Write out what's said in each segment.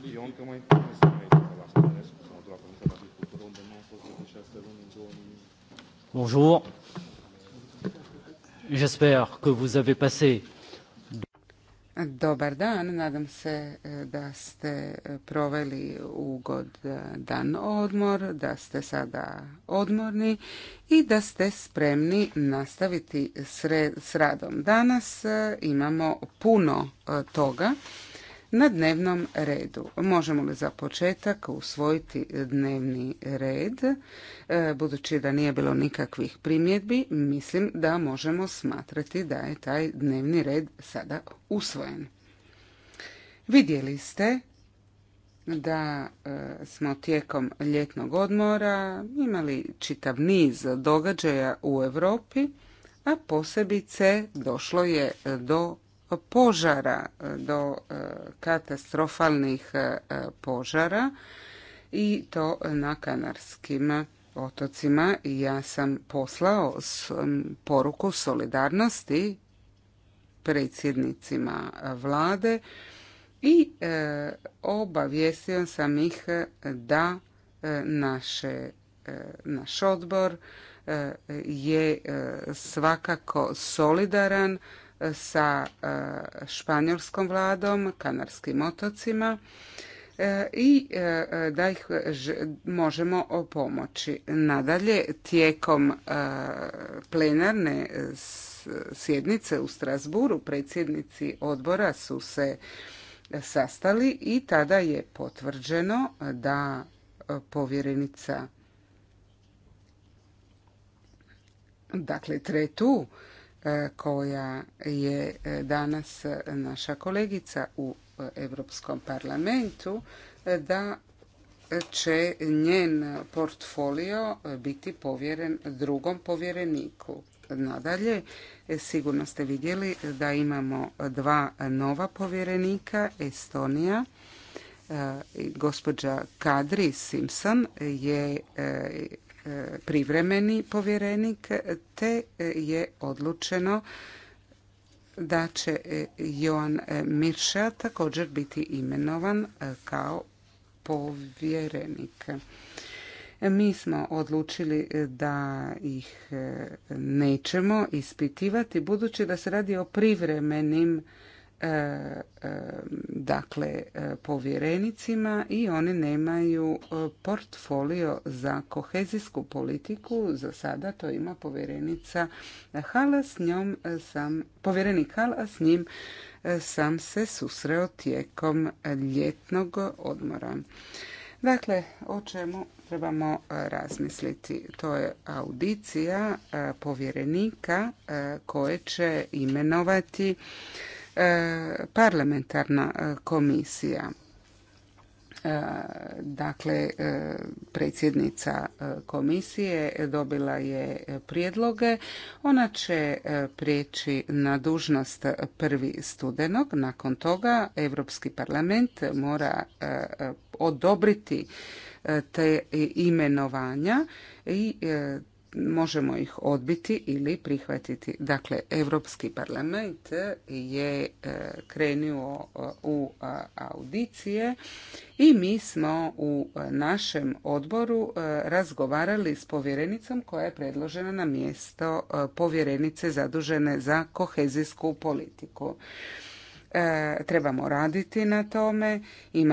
articoli on că mai întâlnesc să mai la stare, sau la Comisia de Agricultură, unde nu am fost de șase luni în 2000. Bonjour. J'espère que vous avez passé Dobar dan, nadam se e, da ste e, proveli ugod dan odmor, da ste sada odmorni i da ste spremni nastaviti s radom. Danas e, imamo puno toga na dnevnom redu. Možemo li za početak usvojiti dnevni red? E, budući da nije bilo nikakvih primjedbi, mislim da možemo smatrati da je taj dnevni red sada usvojen. Vidjeli ste da e, smo tijekom ljetnog odmora imali čitav niz događaja u Europi, a posebice došlo je do požara, e, do e, katastrofalnih e, požara i to na Kanarskim otocima. Ja sam poslao poruku solidarnosti predsjednicima vlade i obavijestio sam ih da naše, naš odbor je svakako solidaran sa e, španjolskom vladom, kanarskim otocima e, i e, da ih možemo pomoći. Nadalje, tijekom plenarne sjednice u Strasburu predsjednici odbora su se sastali i tada je potvrđeno da povjerenica dakle Tretu E, koja je e, danas naša kolegica u Europskom parlamentu e, da će njen portfolio biti povjeren drugom povjereniku. Nadalje, sigurno ste vidjeli da imamo dva nova povjerenika, Estonija, gospođa Kadri Simpson je E, privremeni povjerenik te je odlučeno da će e, Joan e, Mirša također biti imenovan kao povjerenik. Mi smo odlučili da ih nećemo ispitivati budući da se radi o privremenim E, e, dakle e, povjerenicima i one nemaju portfolio za kohezijsku politiku. Za sada to ima povjerenica Hala, s njom sam, povjerenik Hala, s njim sam se susreo tijekom ljetnog odmora. Dakle, o čemu trebamo razmisliti? To je audicija povjerenika koje će imenovati E, parlamentarna e, komisija e, dakle predsjednica komisije dobila je prijedloge. Ona će prijeći na dužnost prvi studenog. Nakon toga Europski parlament mora odobriti te imenovanja i možemo ih odbiti ili prihvatiti. Dakle, Europski parlament je e, krenuo e, u audicije i mi smo u e, našem odboru razgovarali s povjerenicom koja je predložena na mjesto povjerenice zadužene za kohezijsku politiku. E, trebamo raditi na tome.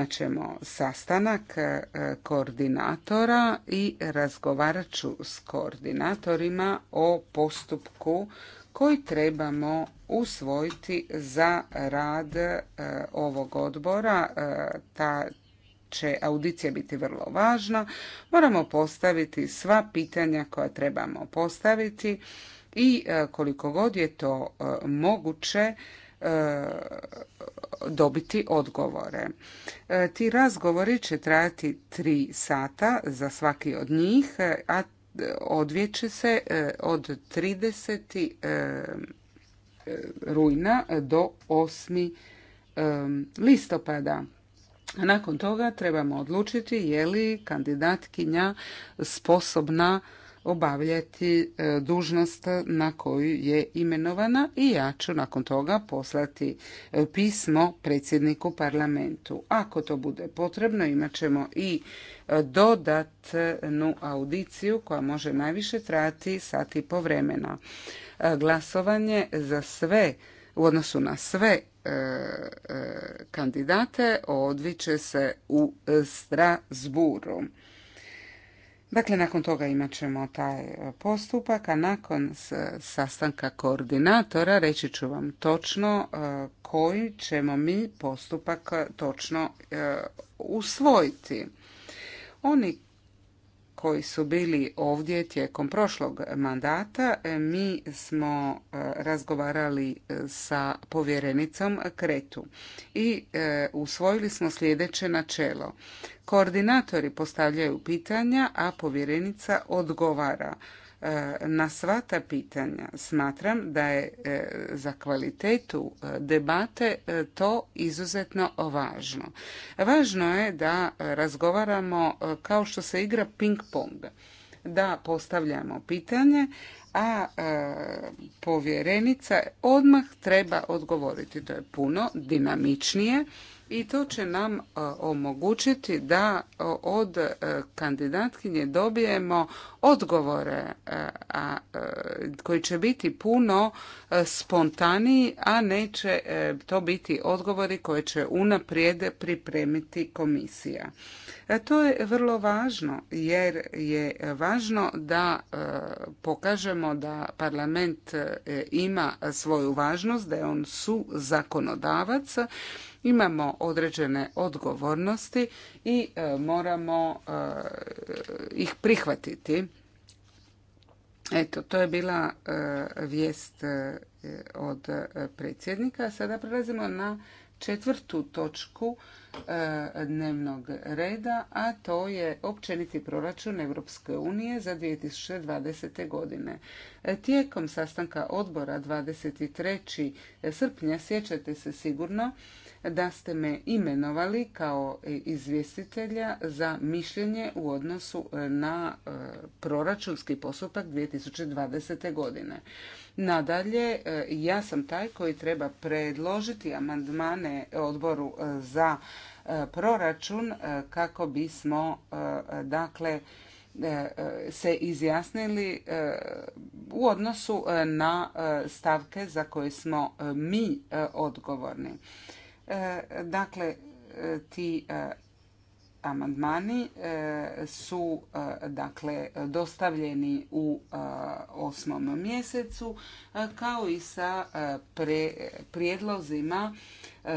ćemo sastanak e, koordinatora i razgovarat ću s koordinatorima o postupku koji trebamo usvojiti za rad e, ovog odbora. Ta će audicija biti vrlo važna. Moramo postaviti sva pitanja koja trebamo postaviti i koliko god je to moguće E, dobiti odgovore. E, ti razgovori će trajati tri sata za svaki od njih, e, a odvijeće se od 30. rujna do 8. listopada. Nakon toga trebamo odlučiti je li kandidatkinja sposobna obavljati e, dužnost na koju je imenovana i ja ću nakon toga poslati e, pismo predsjedniku parlamentu. Ako to bude potrebno imat ćemo i e, dodatnu audiciju koja može najviše trajati sati i po vremena. Glasovanje za sve u odnosu na sve kandidate odviće se u Strasburu. Dakle, nakon toga imat ćemo taj e, postupak, a nakon sastanka koordinatora reći ću vam točno e, koji ćemo mi postupak e, točno usvojiti. Oni koji su bili ovdje tijekom prošlog mandata, e, mi smo e, razgovarali e, sa povjerenicom Kretu i usvojili smo sljedeće načelo. Koordinatori postavljaju pitanja, a povjerenica odgovara E, na sva ta pitanja smatram da je e, za kvalitetu e, debate to izuzetno važno. Važno je da razgovaramo kao što se igra ping pong, da postavljamo pitanje, a povjerenica odmah treba odgovoriti. To je puno dinamičnije i to će nam e, omogućiti da e, od e, kandidatkinje dobijemo odgovore koji će biti puno spontaniji, a neće to biti odgovori koje će unaprijed pripremiti komisija. To je vrlo važno jer je važno da pokažemo da parlament ima svoju važnost, da je on su zakonodavac imamo određene odgovornosti i e, moramo e, ih prihvatiti. Eto, to je bila e, vijest od predsjednika. Sada prelazimo na četvrtu točku dnevnog reda, a to je općeniti proračun Europske unije za 2020. godine. Tijekom sastanka odbora 23. srpnja sjećate se sigurno da ste me imenovali kao izvjestitelja za mišljenje u odnosu e, na e, proračunski postupak 2020. godine. Nadalje, e, ja sam taj koji treba predložiti amandmane odboru za proračun kako bismo dakle se izjasnili u odnosu na stavke za koje smo mi odgovorni. Dakle, ti e, amandmani e, su e, dakle dostavljeni u osmom mjesecu kao i sa prijedlozima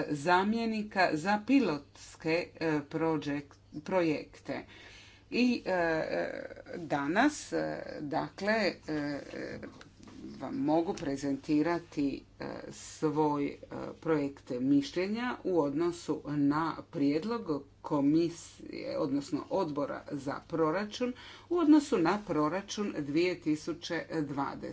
zamjenika za pilotske projekte. I danas dakle vam mogu prezentirati svoj e, projekt mišljenja u odnosu na prijedlog komisije, odnosno odbora za proračun u odnosu na proračun 2020.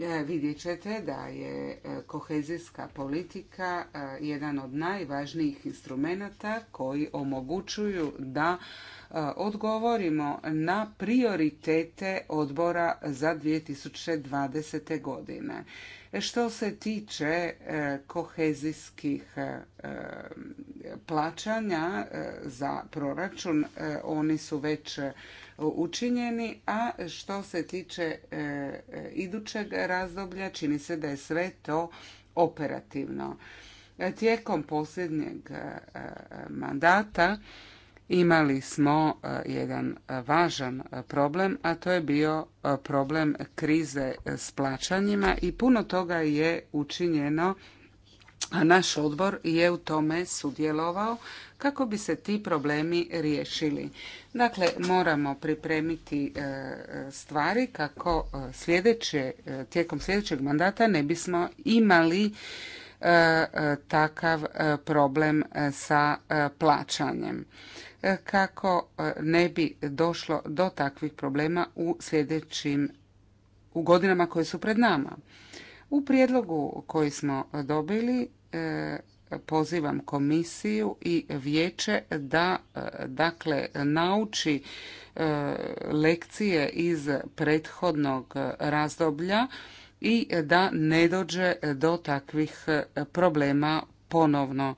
E, vidjet ćete da je e, kohezijska politika jedan od najvažnijih instrumenata koji omogućuju da odgovorimo na prioritete odbora za 2020. godine. Što se tiče e, kohezijskih e, plaćanja e, za proračun, oni su već učinjeni, a što se tiče idućeg razdoblja, čini se da je sve to operativno. Tijekom posljednjeg mandata imali smo e, jedan važan problem, a to je bio e, problem krize s plaćanjima i puno toga je učinjeno, a naš odbor je u tome sudjelovao kako bi se ti problemi riješili. Dakle, moramo pripremiti e, stvari kako sljedeće, tijekom sljedećeg mandata ne bismo imali takav problem sa plaćanjem. E, kako e, ne bi došlo do takvih problema u sljedećim u godinama koje su pred nama. U prijedlogu koji smo dobili e, pozivam komisiju i vijeće da dakle nauči lekcije iz prethodnog razdoblja i da ne dođe do takvih problema ponovno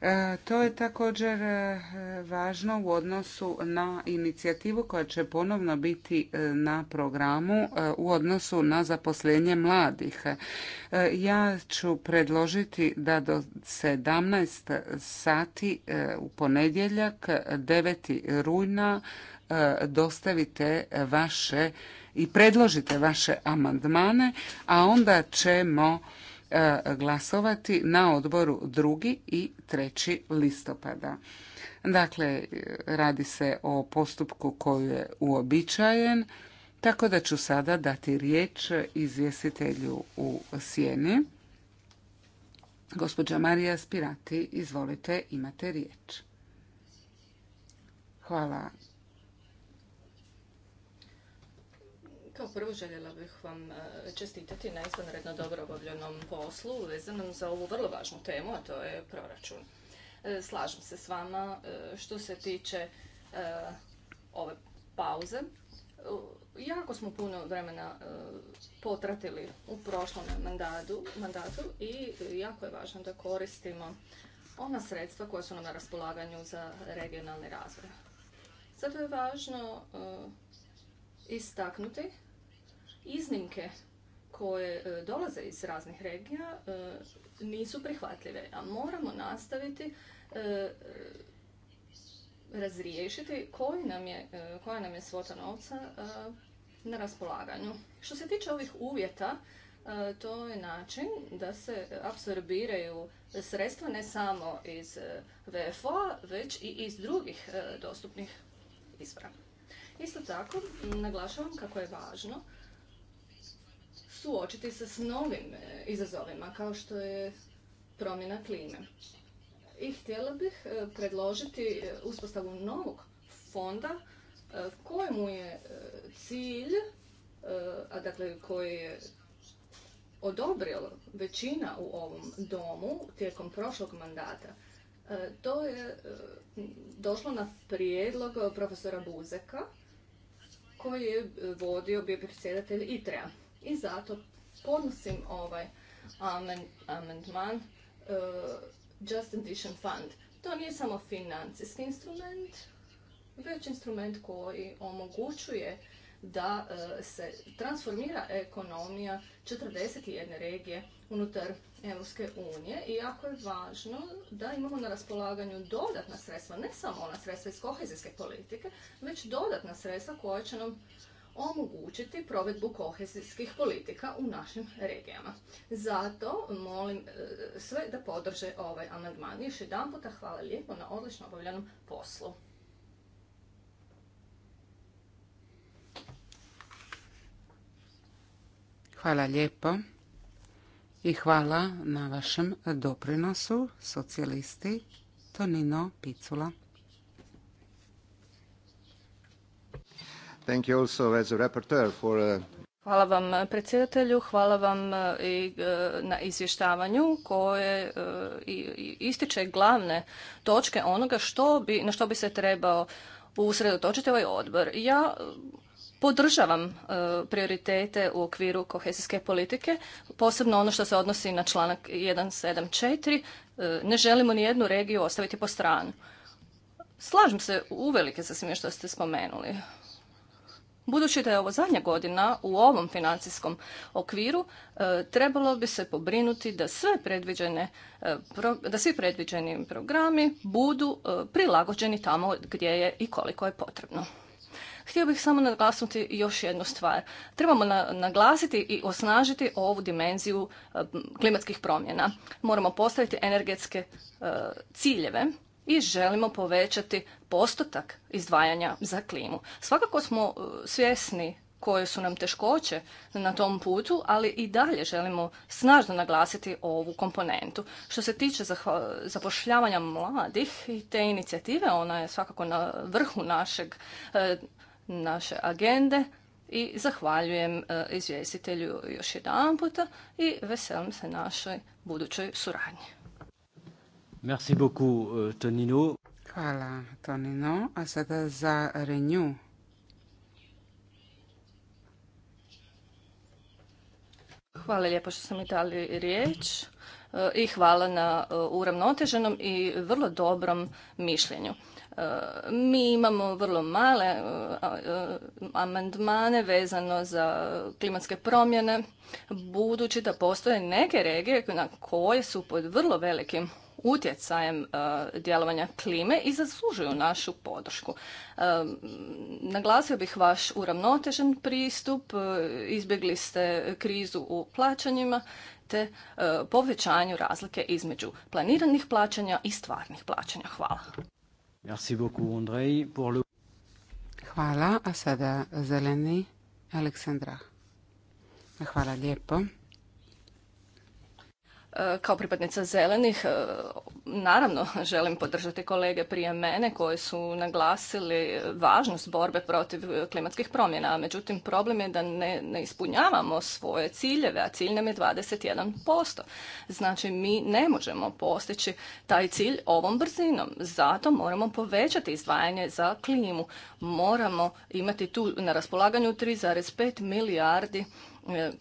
E, to je također e, važno u odnosu na inicijativu koja će ponovno biti e, na programu u odnosu na zaposlenje mladih. Ja ću predložiti da do 17 sati u ponedjeljak 9. rujna dostavite vaše i predložite vaše amandmane, a onda ćemo E, glasovati na odboru 2. i 3. listopada. Dakle, radi se o postupku koji je uobičajen, tako da ću sada dati riječ izvjestitelju u sjeni. Gospođa Marija Spirati, izvolite, imate riječ. Hvala Kao prvo željela bih vam e, čestitati na izvanredno dobro obavljenom poslu vezanom za ovu vrlo važnu temu, a to je proračun. E, slažem se s vama e, što se tiče ove pauze. Jako smo puno vremena potratili u prošlom mandatu, mandatu i jako je važno da koristimo ona sredstva koja su nam na raspolaganju za regionalni razvoj. Zato je važno istaknuti iznimke koje e, dolaze iz raznih regija e, nisu prihvatljive, a moramo nastaviti e, razriješiti koja nam je svota novca na raspolaganju. Što se tiče ovih uvjeta, to je način da se apsorbiraju sredstva ne samo iz vfo već i iz drugih dostupnih izvora. Isto tako, naglašavam kako je važno suočiti se s novim e, izazovima kao što je promjena klime. I htjela bih e, predložiti e, uspostavu novog fonda kojemu je cilj, a dakle koji je odobrila većina u ovom domu tijekom prošlog mandata, to je došlo na prijedlog profesora Buzeka koji je vodio bio predsjedatelj ITREA. I zato podnosim ovaj amendman e, Just Addition Fund. To nije samo financijski instrument, već instrument koji omogućuje da e, se transformira ekonomija 41 regije unutar Europske unije i jako je važno da imamo na raspolaganju dodatna sredstva, ne samo ona sredstva iz kohezijske politike, već dodatna sredstva koja će nam omogućiti provedbu kohezijskih politika u našim regijama. Zato molim e, sve da podrže ovaj amandman. Još jedan puta hvala lijepo na odlično obavljenom poslu. Hvala lijepo i hvala na vašem doprinosu socijalisti Tonino Picula. Uh, hvala vam uh, predsjedatelju, hvala vam uh, i na izvještavanju koje ističe glavne točke onoga što bi, na što bi se trebao usredotočiti ovaj odbor. Ja podržavam prioritete u okviru kohezijske politike, posebno ono što se odnosi na članak 174. Ne želimo ni jednu regiju ostaviti po stranu. Slažem se uvelike sa svime što ste spomenuli. Budući da je ovo zadnja godina u ovom financijskom okviru, e, trebalo bi se pobrinuti da sve predviđene, e, da svi predviđeni programi budu e, prilagođeni tamo gdje je i koliko je potrebno. Htio bih samo naglasiti još jednu stvar. Trebamo naglasiti i osnažiti ovu dimenziju klimatskih promjena. Moramo postaviti energetske ciljeve i želimo povećati postotak izdvajanja za klimu. Svakako smo e, svjesni koje su nam teškoće na tom putu, ali i dalje želimo snažno naglasiti ovu komponentu. Što se tiče zapošljavanja mladih i te inicijative, ona je svakako na vrhu našeg, e, naše agende i zahvaljujem e, izvjestitelju još jedan puta i veselim se našoj budućoj suradnji. Euh, hvala, Tonino. A sada za Hvala lijepo što sam mi dali riječ eh, i hvala na eh, uravnoteženom i vrlo dobrom mišljenju. Eh, mi imamo vrlo male amandmane vezano za klimatske promjene, budući da postoje neke regije na koje su pod vrlo velikim utjecajem e, djelovanja klime i zaslužuju našu podršku. E, naglasio bih vaš uravnotežen pristup, e, izbjegli ste krizu u plaćanjima te povećanju razlike između planiranih plaćanja i stvarnih plaćanja. Hvala. Hvala, a sada zeleni Aleksandra. Hvala lijepo. E, kao pripadnica zelenih e, naravno želim podržati kolege prije mene koji su naglasili važnost borbe protiv klimatskih promjena. Međutim, problem je da ne, ne ispunjavamo svoje ciljeve, a cilj nam je 21%. Znači, mi ne možemo postići taj cilj ovom brzinom. Zato moramo povećati izdvajanje za klimu. Moramo imati tu na raspolaganju 3,5 milijardi E,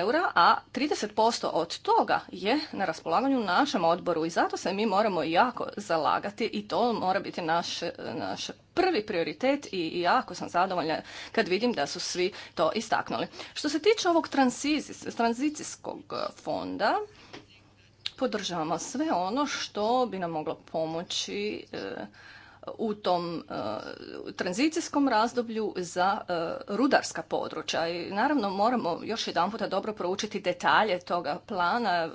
eura, a 30% od toga je na raspolaganju našem odboru i zato se mi moramo jako zalagati i to mora biti naš, naš prvi prioritet i jako sam zadovoljna kad vidim da su svi to istaknuli. Što se tiče ovog tranzicijskog fonda, podržavamo sve ono što bi nam moglo pomoći e, u tom e, tranzicijskom razdoblju za e, rudarska područja. I naravno moramo još jedan puta dobro proučiti detalje toga plana.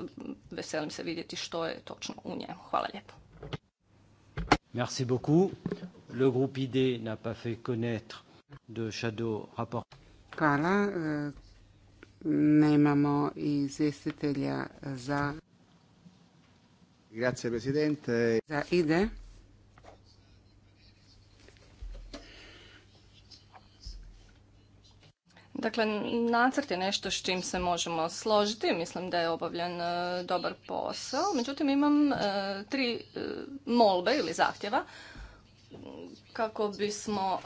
Veselim se vidjeti što je točno u njemu. Hvala lijepo. Merci beaucoup. Le groupe ID n'a pas fait connaître de shadow rapport. Hvala. E, nemamo izvjestitelja za... Grazie, Presidente. Za ide. Dakle, nacrt je nešto s čim se možemo složiti, mislim da je obavljen e, dobar posao, međutim imam e, tri e, molbe ili zahtjeva kako bismo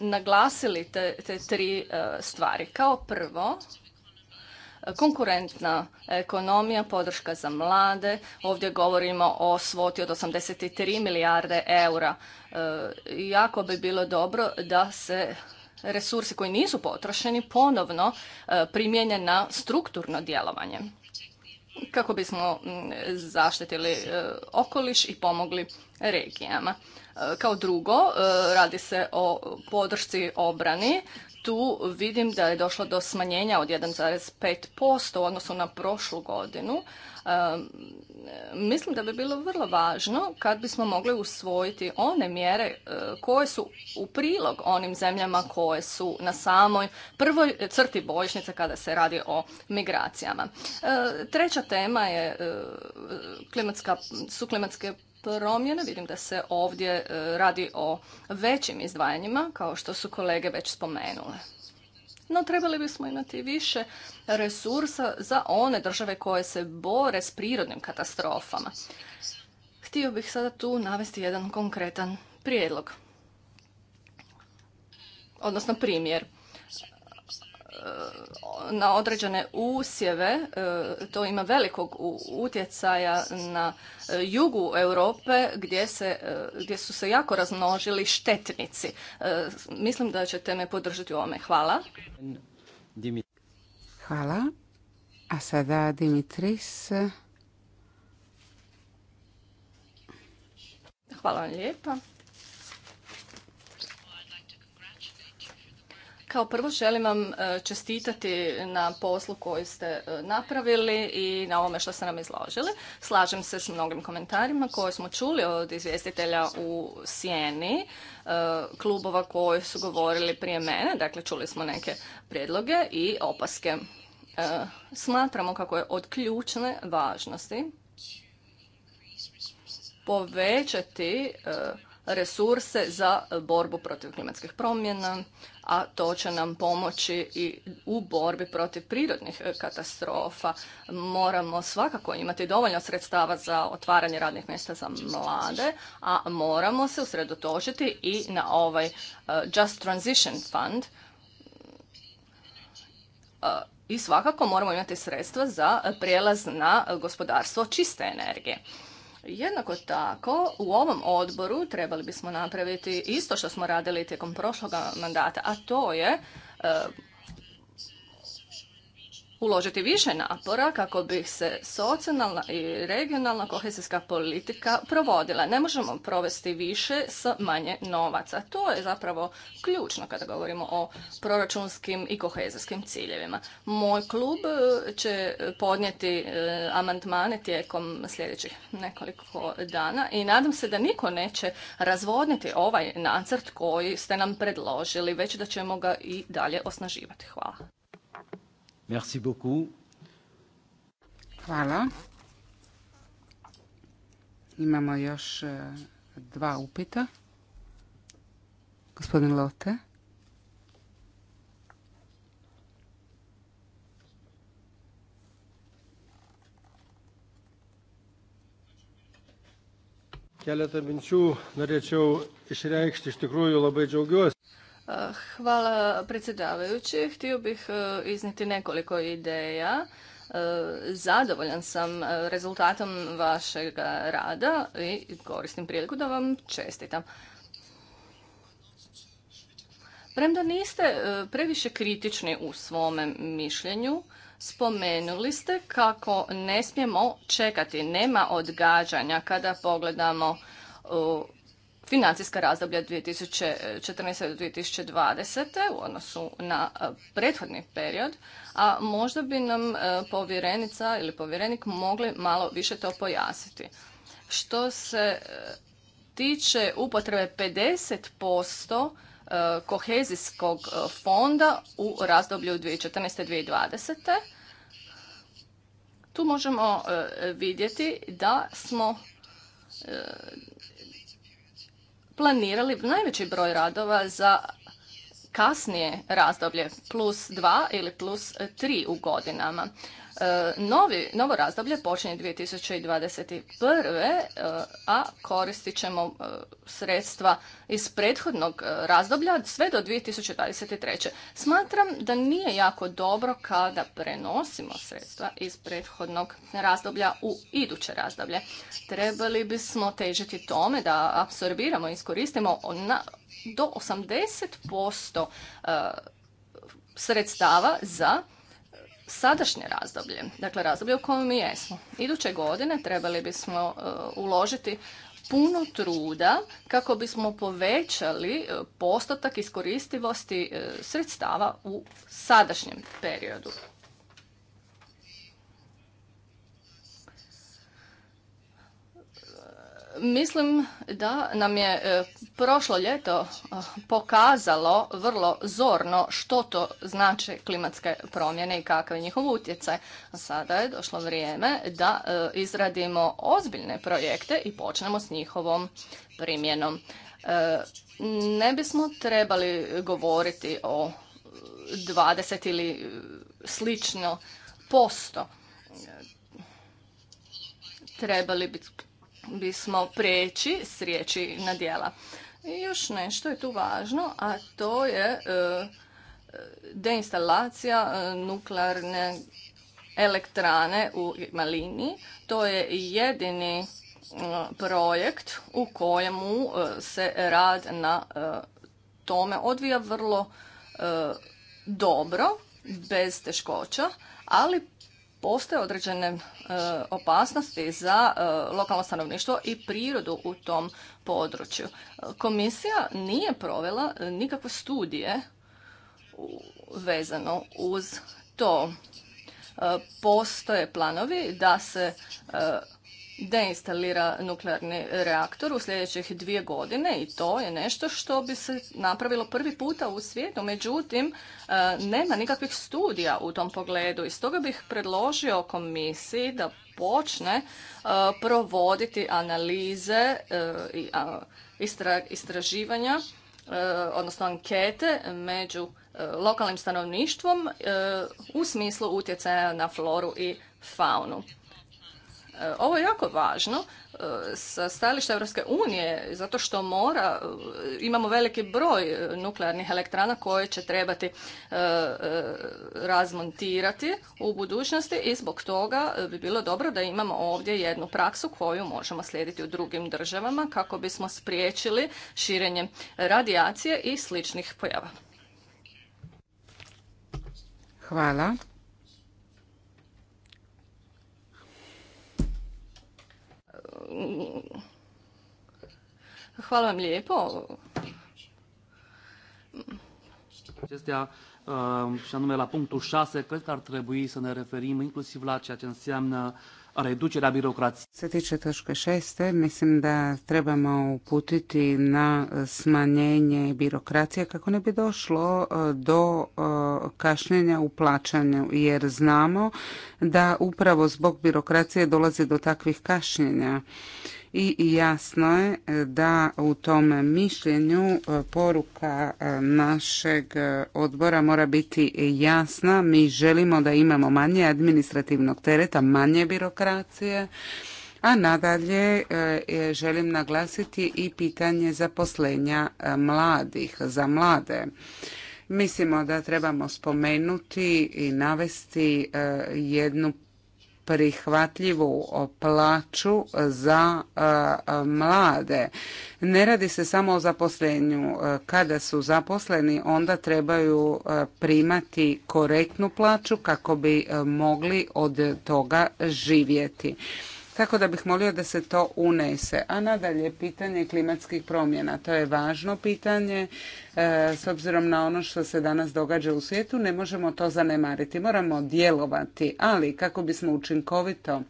naglasili te, tri stvari. Kao prvo, konkurentna ekonomija, podrška za mlade. Ovdje govorimo o svoti od 83 milijarde eura. jako bi bilo dobro da se resursi koji nisu potrošeni ponovno e, primijene na strukturno djelovanje kako bismo zaštitili e, okoliš i pomogli regijama. E, kao drugo, radi se o podršci obrani. Tu vidim da je došlo do smanjenja od 1,5% u odnosu na prošlu godinu, Mislim da bi bilo vrlo važno kad bismo mogli usvojiti one mjere e, koje su u prilog onim zemljama koje su na samoj prvoj crti bojišnice kada se radi o migracijama. E, treća tema je e, klimatska, su klimatske promjene. Vidim da se ovdje radi o većim izdvajanjima, kao što su kolege već spomenule. No, trebali bismo imati više resursa za one države koje se bore s prirodnim katastrofama. Htio bih sada tu navesti jedan konkretan prijedlog, odnosno primjer na određene usjeve, e, to ima velikog utjecaja na e, jugu Europe gdje, se, e, gdje su se jako raznožili štetnici. Mislim da ćete me podržati u ovome. Hvala. Hvala. A sada Dimitris. Hvala vam lijepa. Kao prvo želim vam e, čestitati na poslu koji ste e, napravili i na ovome što ste nam izložili. Slažem se s mnogim komentarima koje smo čuli od izvjestitelja u Sjeni, e, klubova koji su govorili prije mene, dakle čuli smo neke predloge i opaske. Smatramo kako je od ključne važnosti povećati resurse za borbu protiv klimatskih promjena, a to će nam pomoći i u borbi protiv prirodnih e, katastrofa. Moramo svakako imati dovoljno sredstava za otvaranje radnih mjesta za mlade, a moramo se usredotočiti i na ovaj e, Just Transition Fund, e, i svakako moramo imati sredstva za prijelaz na gospodarstvo čiste energije. Jednako tako u ovom odboru trebali bismo napraviti isto što smo radili tijekom prošloga mandata, a to je e, uložiti više napora kako bi se socijalna i regionalna kohezijska politika provodila. Ne možemo provesti više s manje novaca. To je zapravo ključno kada govorimo o proračunskim i kohezijskim ciljevima. Moj klub e, će podnijeti e, amandmane tijekom sljedećih nekoliko dana i nadam se da niko neće razvodniti ovaj nacrt koji ste nam predložili, već da ćemo ga i dalje osnaživati. Hvala. Merci beaucoup. Hvala. Imamo još e, dva upita. Gospodin Lote. keletą minčių norėčiau išreikšti iš tikrųjų labai džiaugiuosi Eh, hvala predsjedavajući. Htio bih eh, izniti nekoliko ideja. Eh, zadovoljan sam rezultatom vašeg rada i koristim priliku da vam čestitam. Premda niste previše kritični u svome mišljenju, spomenuli ste kako ne smijemo čekati, nema odgađanja kada pogledamo financijska razdoblja 2014. do 2020. u odnosu na e, prethodni period, a možda bi nam e, povjerenica ili povjerenik mogli malo više to pojasniti. Što se e, tiče upotrebe 50% kohezijskog fonda u razdoblju 2014-2020. Tu možemo vidjeti da smo planirali najveći broj radova za kasnije razdoblje plus 2 ili plus 3 u godinama. E, novi, novo razdoblje počinje 2021. E, a koristit ćemo e, sredstva iz prethodnog razdoblja sve do 2023. Smatram da nije jako dobro kada prenosimo sredstva iz prethodnog razdoblja u iduće razdoblje. Trebali bismo težiti tome da apsorbiramo i iskoristimo na, do 80% sredstava za sadašnje razdoblje, dakle razdoblje u kojem mi jesmo. Iduće godine trebali bismo e, uložiti puno truda kako bismo povećali e, postotak iskoristivosti e, sredstava u sadašnjem periodu. Mislim da nam je e, prošlo ljeto e, pokazalo vrlo zorno što to znače klimatske promjene i kakav je njihov utjecaj. Sada je došlo vrijeme da e, izradimo ozbiljne projekte i počnemo s njihovom primjenom. Ne bismo trebali govoriti o 20 ili slično posto. Trebali bi bismo prijeći s riječi na djela. još nešto je tu važno, a to je e, e, deinstalacija e, nuklearne elektrane u Malini. To je jedini projekt u kojemu se rad na tome odvija vrlo dobro, bez teškoća, ali postoje određene e, opasnosti za e, lokalno stanovništvo i prirodu u tom području. Komisija nije provela nikakve studije vezano uz to. E, postoje planovi da se deinstalira nuklearni reaktor u sljedećih dvije godine i to je nešto što bi se napravilo prvi puta u svijetu. Međutim, e, nema nikakvih studija u tom pogledu i stoga bih predložio komisiji da počne e, provoditi analize e, i istraživanja, odnosno ankete među lokalnim stanovništvom u smislu utjecaja na floru i faunu. E, ovo je jako važno e, sa stajališta Europske unije, zato što mora, e, imamo veliki broj nuklearnih elektrana koje će trebati razmontirati u budućnosti i zbog toga bi bilo dobro da imamo ovdje jednu praksu koju možemo slijediti u drugim državama kako bismo spriječili širenje radijacije i sličnih pojava. Hvala. Hvala vam lijepo. Acestea, uh, și anume la punctul 6, cred că ar trebui să ne referim inclusiv la ceea ce înseamnă birokracije. Se tiče točke šeste, mislim da trebamo uputiti na smanjenje birokracije kako ne bi došlo e, do e, kašnjenja u plaćanju, jer znamo da upravo zbog birokracije dolazi do takvih kašnjenja i jasno je e, da u tom mišljenju e, poruka e, našeg odbora mora biti jasna. Mi želimo da imamo manje administrativnog tereta, manje birokracije, a nadalje želim naglasiti i pitanje zaposlenja mladih, za mlade. Mislimo da trebamo spomenuti i navesti jednu prihvatljivu plaću za e, mlade. Ne radi se samo o zaposlenju. E, kada su zaposleni onda trebaju e, primati korektnu plaću kako bi mogli od toga živjeti. Tako da bih molio da se to unese. A nadalje, pitanje klimatskih promjena. To je važno pitanje. E, s obzirom na ono što se danas događa u svijetu, ne možemo to zanemariti. Moramo djelovati, ali kako bismo učinkovito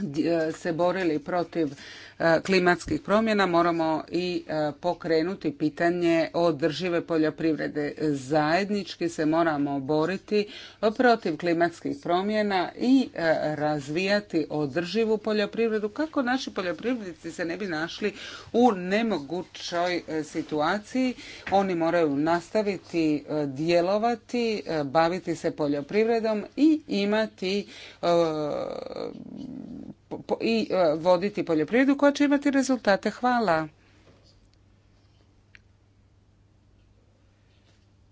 e, se borili protiv klimatskih promjena moramo i e, pokrenuti pitanje održive poljoprivrede. Zajednički se moramo boriti protiv klimatskih promjena i e, razvijati održivu poljoprivredu kako naši poljoprivrednici se ne bi našli u nemogućoj e, situaciji. Oni moraju nastaviti djelovati, baviti se poljoprivredom i imati i e, voditi poljoprivredu koja će imati rezultate. Hvala.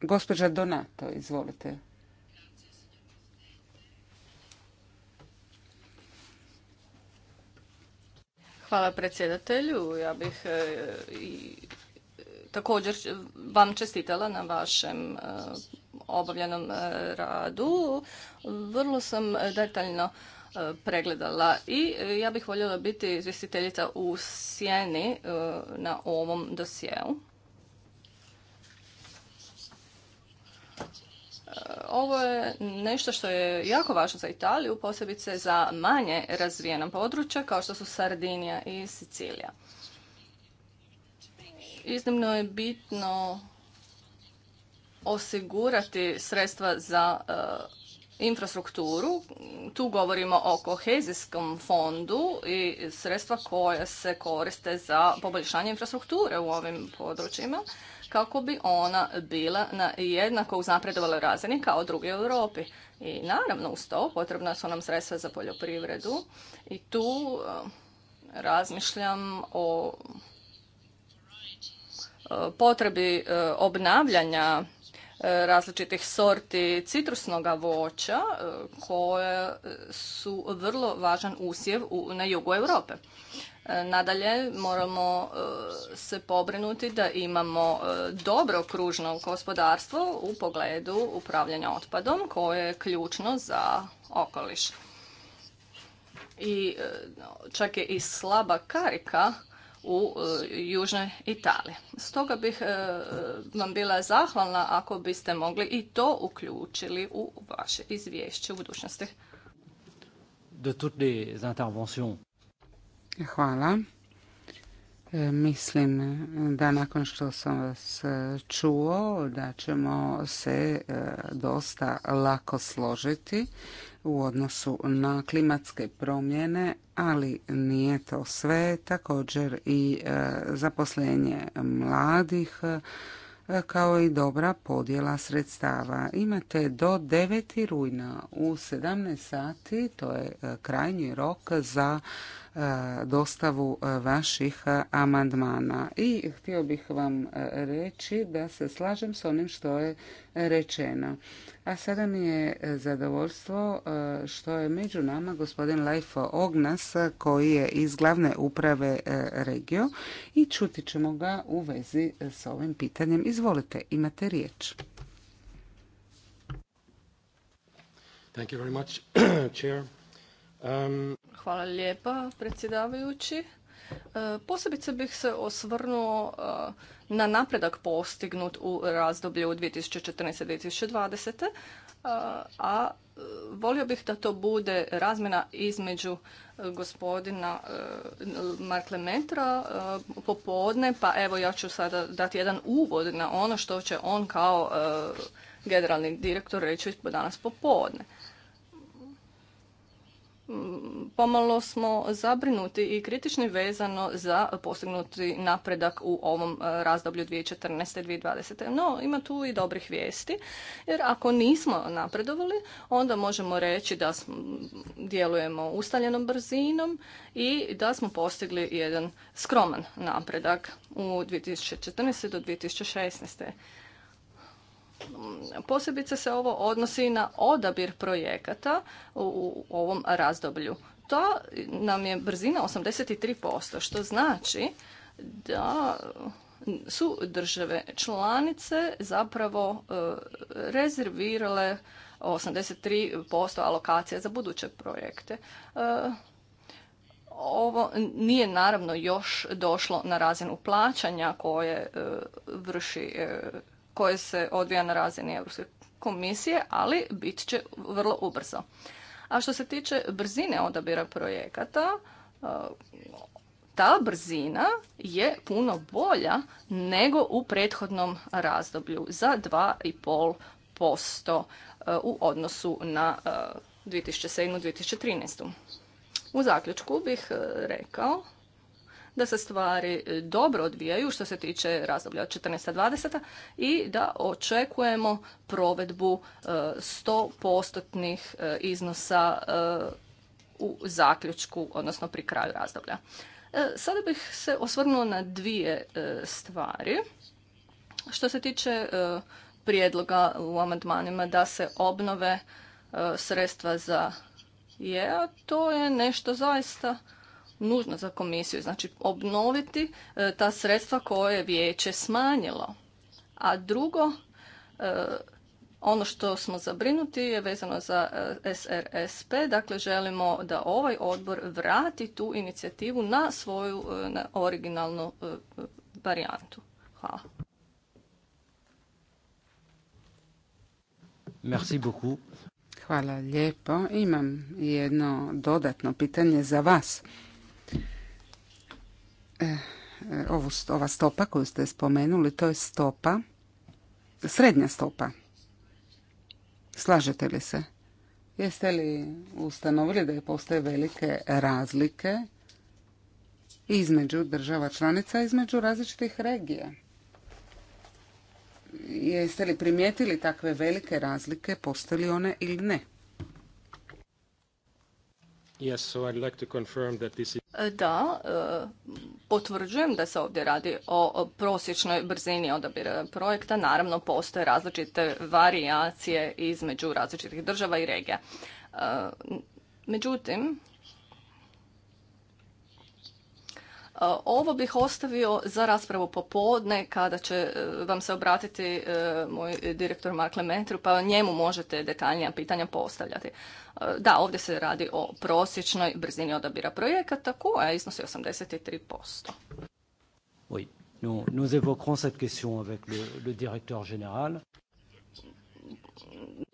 Gospođa Donato, izvolite. Hvala predsjedatelju. Ja bih e, e, također vam čestitala na vašem obavljenom radu. Vrlo sam detaljno E, pregledala i e, ja bih voljela biti izvjestiteljica u sjeni e, na ovom dosjeu. Ovo je nešto što je jako važno za Italiju, posebice za manje razvijena područja kao što su Sardinija i Sicilija. Iznimno je bitno osigurati sredstva za infrastrukturu. Tu govorimo o kohezijskom fondu i sredstva koja se koriste za poboljšanje infrastrukture u ovim područjima kako bi ona bila na jednako uznapredovaloj razini kao drugi u Europi. I naravno uz to potrebna su nam sredstva za poljoprivredu i tu eh, razmišljam o eh, potrebi eh, obnavljanja E, različitih sorti citrusnoga voća e, koje su vrlo važan usjev na jugu Europe. E, nadalje moramo se pobrinuti da imamo dobro kružno gospodarstvo u pogledu upravljanja otpadom koje je ključno za okoliš. I čak je i slaba karika u e, južnoj Italiji. Stoga bih e, vam bila zahvalna ako biste mogli i to uključili u vaše izvješće u budućnosti. De les Hvala. E, mislim da nakon što sam vas čuo da ćemo se dosta lako složiti u odnosu na klimatske promjene, ali nije to sve. Također i e, zaposlenje mladih e, kao i dobra podjela sredstava. Imate do 9. rujna u 17 sati, to je e, krajnji rok za E, dostavu e, vaših e, amandmana. I htio bih vam reći da se slažem s onim što je rečeno. A sada mi je zadovoljstvo što je među nama gospodin Lajfo Ognas koji je iz glavne uprave regio i čuti ćemo ga u vezi s ovim pitanjem. Izvolite, imate riječ. Thank you very much, Chair. Hvala lijepa, predsjedavajući. E, posebice bih se osvrnuo e, na napredak postignut u razdoblju 2014-2020, e, a volio bih da to bude razmjena između gospodina Mark popodne, pa evo ja ću sada dati jedan uvod na ono što će on kao generalni direktor reći danas popodne pomalo smo zabrinuti i kritični vezano za postignuti napredak u ovom e, razdoblju 2014. i 2020. No, ima tu i dobrih vijesti, jer ako nismo napredovali, onda možemo reći da djelujemo ustaljenom brzinom i da smo postigli jedan skroman napredak u 2014. do 2016. Posebice se ovo odnosi na odabir projekata u ovom razdoblju. To nam je brzina 83%, što znači da su države članice zapravo e, rezervirale 83% alokacija za buduće projekte. E, ovo nije naravno još došlo na razinu plaćanja koje e, vrši koje se odvija na razini Europske komisije, ali bit će vrlo ubrzo. A što se tiče brzine odabira projekata, ta brzina je puno bolja nego u prethodnom razdoblju za 2,5% e, u odnosu na 2007. E, 2013. U zaključku bih e, rekao da se stvari e, dobro odvijaju što se tiče razdoblja od 14-20 i da očekujemo provedbu 100% e, e, iznosa u zaključku, odnosno pri kraju razdoblja. Sada bih se osvrnuo na dvije stvari. Što se tiče prijedloga u amandmanima da se obnove sredstva za je, to je nešto zaista nužno za komisiju, znači obnoviti e, ta sredstva koje je vijeće smanjilo. A drugo, e, ono što smo zabrinuti je vezano za e, SRSP, dakle želimo da ovaj odbor vrati tu inicijativu na svoju na originalnu varijantu. Hvala. Merci beaucoup. Hvala lijepo. Imam jedno dodatno pitanje za vas ova stopa koju ste spomenuli, to je stopa, srednja stopa. Slažete li se? Jeste li ustanovili da postoje velike razlike između država članica, između različitih regija? Jeste li primijetili takve velike razlike, postoje li one ili ne? Da, potvrđujem da se ovdje radi o prosječnoj brzini odabira projekta. Naravno, postoje različite varijacije između različitih država i regija. E, međutim, Ovo bih ostavio za raspravu popodne kada će e, vam se obratiti e, moj direktor Mark Lementru pa njemu možete detaljnija pitanja postavljati. Da, ovdje se radi o prosječnoj brzini odabira projekata koja iznosi 83%. Oui, nous, évoquerons cette question avec le,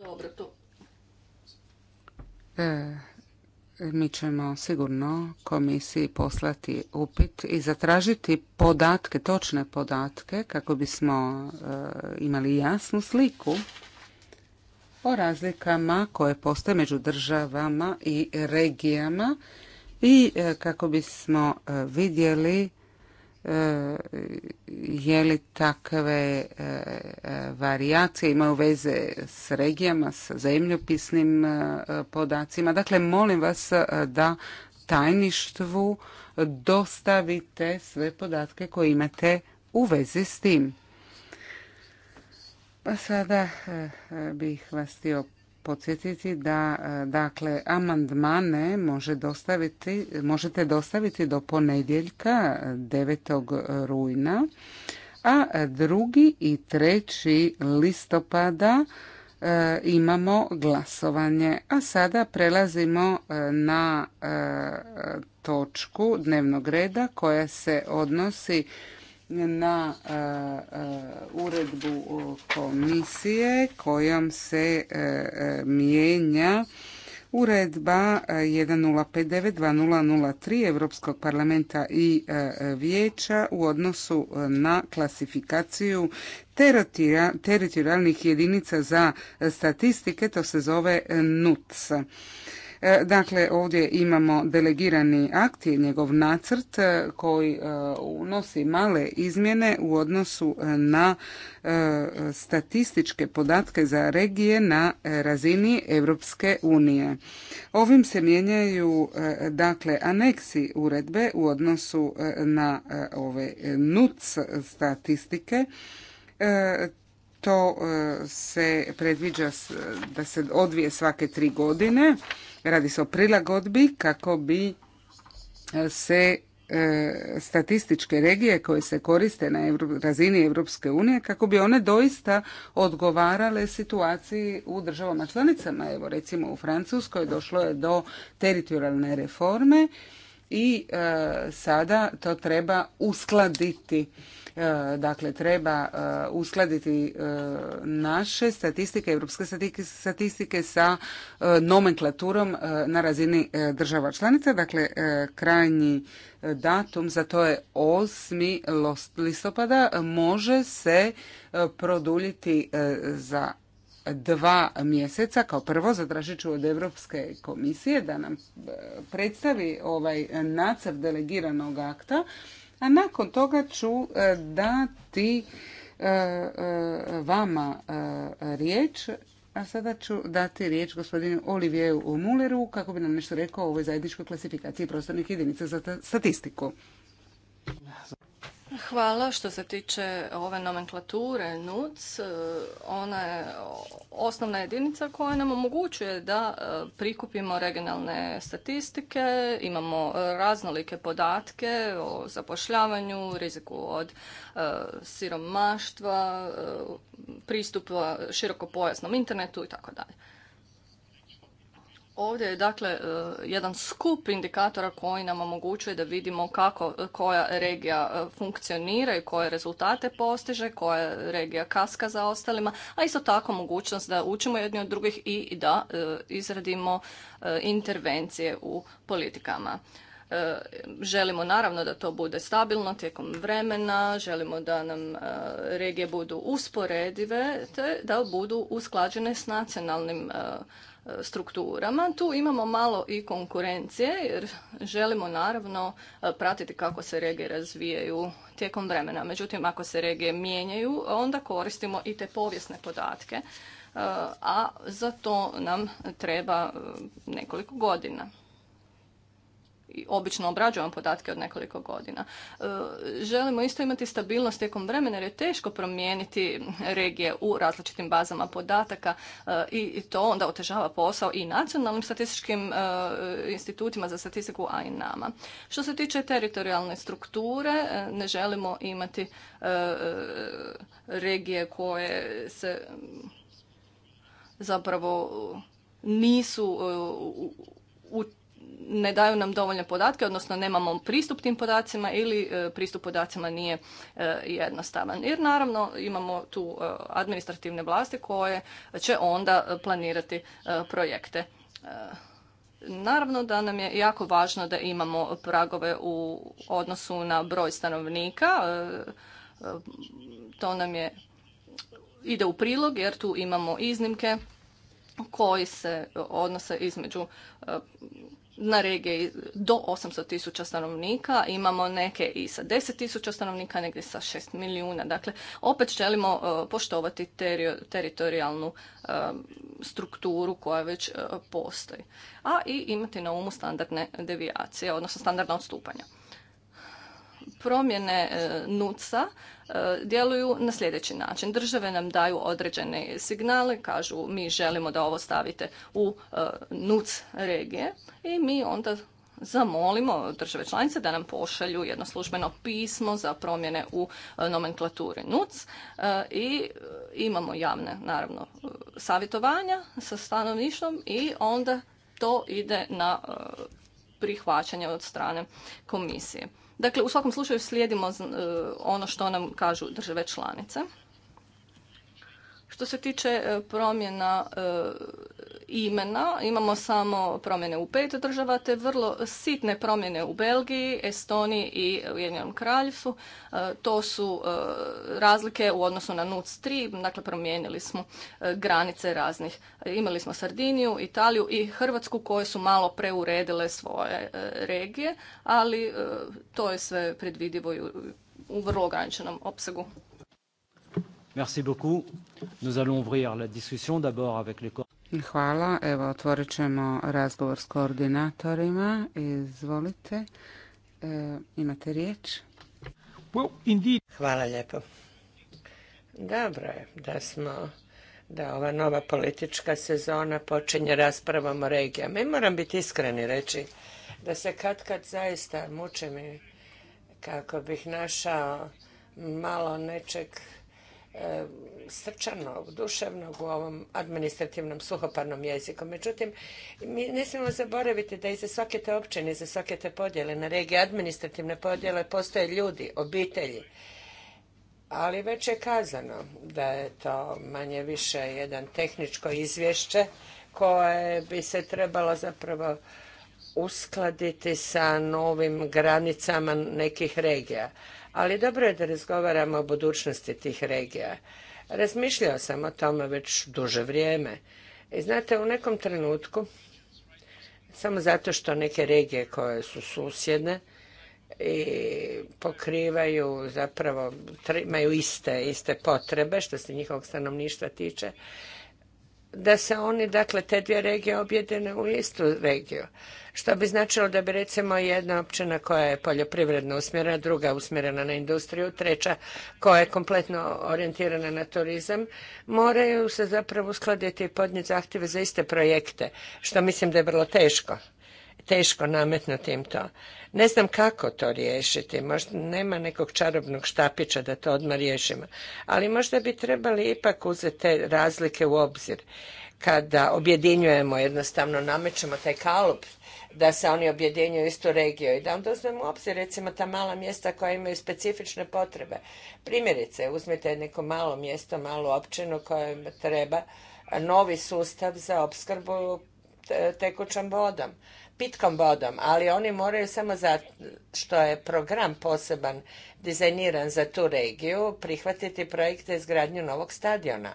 Dobro, to. E, mi ćemo sigurno komisiji poslati upit i zatražiti podatke, točne podatke, kako bismo e, imali jasnu sliku o razlikama koje postoje među državama i regijama i e, kako bismo e, vidjeli je li takve e, varijacije imaju veze s regijama, sa zemljopisnim e, podacima. Dakle, molim vas e, da tajništvu dostavite sve podatke koje imate u vezi s tim. Pa sada bih vas htio podsjetiti da e, dakle amandmane može dostaviti, možete dostaviti do ponedjeljka 9. rujna, a drugi i treći listopada e, imamo glasovanje. A sada prelazimo e, na točku dnevnog reda koja se odnosi na e, e, uredbu komisije kojom se e, mijenja uredba 1059-2003 Europskog parlamenta i vijeća u odnosu na klasifikaciju teritorijalnih jedinica za statistike, to se zove NUTS. E, dakle, ovdje imamo delegirani akt i njegov nacrt e, koji e, unosi male izmjene u odnosu na statističke podatke za regije na razini Europske unije. Ovim se mijenjaju dakle aneksi uredbe u odnosu na ove NUC statistike to se predviđa da se odvije svake tri godine Radi se o prilagodbi kako bi e, se e, statističke regije koje se koriste na razini Europske unije kako bi one doista odgovarale situaciji u državama članicama. Evo recimo u Francuskoj došlo je do teritorijalne reforme i e, sada to treba uskladiti E, dakle, treba e, uskladiti e, naše statistike, europske statistike sa nomenklaturom na razini država članica. Dakle, krajnji datum za to je 8. listopada. Može se produljiti za dva mjeseca. Kao prvo zatražit ću od Europske komisije da nam predstavi ovaj nacrt delegiranog akta a nakon toga ću e, dati e, e, vama riječ, a sada ću dati riječ gospodinu Olivijeru Mulleru kako bi nam nešto rekao o ovoj zajedničkoj klasifikaciji prostornih jedinica za statistiku. Hvala. Što se tiče ove nomenklature NUC, e, ona je osnovna jedinica koja nam omogućuje da e, prikupimo regionalne statistike, imamo e, raznolike podatke o zapošljavanju, riziku od siromaštva, pristup širokopojasnom internetu i tako Ovdje je dakle e, jedan skup indikatora koji nam omogućuje da vidimo kako e, koja regija e, funkcionira i koje rezultate postiže, koja regija kaska za ostalima, a isto tako mogućnost da učimo jedni od drugih i da izradimo intervencije u politikama. Želimo naravno da to bude stabilno tijekom vremena, želimo da nam regije budu usporedive te da budu usklađene s nacionalnim strukturama. Tu imamo malo i konkurencije jer želimo naravno pratiti kako se regije razvijaju tijekom vremena. Međutim, ako se regije mijenjaju, onda koristimo i te povijesne podatke, a za to nam treba e, nekoliko godina obično obrađujemo podatke od nekoliko godina. E, želimo isto imati stabilnost tijekom vremena jer je teško promijeniti regije u različitim bazama podataka e, i to onda otežava posao i nacionalnim statističkim e, institutima za statistiku, a i nama. Što se tiče teritorijalne strukture, ne želimo imati regije koje se zapravo nisu u ne daju nam dovoljne podatke, odnosno nemamo pristup tim podacima ili e, pristup podacima nije e, jednostavan. Jer naravno imamo tu e, administrativne vlasti koje će onda planirati projekte. Naravno da nam je jako važno da imamo pragove u odnosu na broj stanovnika. To nam je ide u prilog jer tu imamo iznimke koji se odnose između na regije do 800 tisuća stanovnika, imamo neke i sa 10 tisuća stanovnika, negdje sa 6 milijuna. Dakle, opet želimo e, poštovati teritorijalnu e, strukturu koja već e, postoji, a i imati na umu standardne devijacije, odnosno standardna odstupanja promjene e, NUCA e, djeluju na sljedeći način. Države nam daju određene signale, kažu mi želimo da ovo stavite u e, NUC regije i mi onda zamolimo države članice da nam pošalju jedno službeno pismo za promjene u nomenklaturi NUC i imamo javne naravno savjetovanja sa stanovništvom i onda to ide na prihvaćanje od strane komisije. Dakle, u svakom slučaju slijedimo e, ono što nam kažu države članice. Što se tiče e, promjena e, imena, imamo samo promjene u pet država, te vrlo sitne promjene u Belgiji, Estoniji i Ujedinjenom kraljevstvu. E, to su e, razlike u odnosu na NUC 3, dakle promijenili smo e, granice raznih. Imali smo Sardiniju, Italiju i Hrvatsku koje su malo preuredile svoje regije, ali to je sve predvidivo i u vrlo ograničenom opsegu. Merci beaucoup. Nous allons ouvrir la discussion d'abord avec Hvala. Evo, otvorit ćemo razgovor s koordinatorima. Izvolite. E, imate riječ? Hvala lijepo. Dobro je da smo da ova nova politička sezona počinje raspravom o regijama. I moram biti iskreni reći da se kad kad zaista mi kako bih našao malo nečeg srčanog, duševnog u ovom administrativnom suhoparnom jeziku. Međutim, mi ne smijemo zaboraviti da iza svake te općine, za svake te podjele na regije, administrativne podjele, postoje ljudi, obitelji. Ali već je kazano da je to manje više jedan tehničko izvješće koje bi se trebalo zapravo uskladiti sa novim granicama nekih regija ali dobro je da razgovaramo o budućnosti tih regija. Razmišljao sam o tome već duže vrijeme. I znate, u nekom trenutku, samo zato što neke regije koje su susjedne i pokrivaju zapravo, imaju iste, iste potrebe što se njihovog stanovništva tiče, da se oni, dakle, te dvije regije objedine u istu regiju. Što bi značilo da bi recimo jedna općina koja je poljoprivredno usmjerena, druga usmjerena na industriju, treća koja je kompletno orijentirana na turizam, moraju se zapravo uskladiti i podnijeti zahtjeve za iste projekte, što mislim da je vrlo teško teško nametnuti im to. Ne znam kako to riješiti, možda nema nekog čarobnog štapića da to odmah riješimo, ali možda bi trebali ipak uzeti te razlike u obzir kada objedinjujemo, jednostavno namećemo taj kalup da se oni objedinjuju istu regiju i da onda uzmemo u obzir recimo ta mala mjesta koja imaju specifične potrebe. Primjerice, uzmite neko malo mjesto, malu općinu kojem treba novi sustav za opskrbu tekućom vodom pitkom vodom, ali oni moraju samo za što je program poseban dizajniran za tu regiju prihvatiti projekte izgradnju novog stadiona.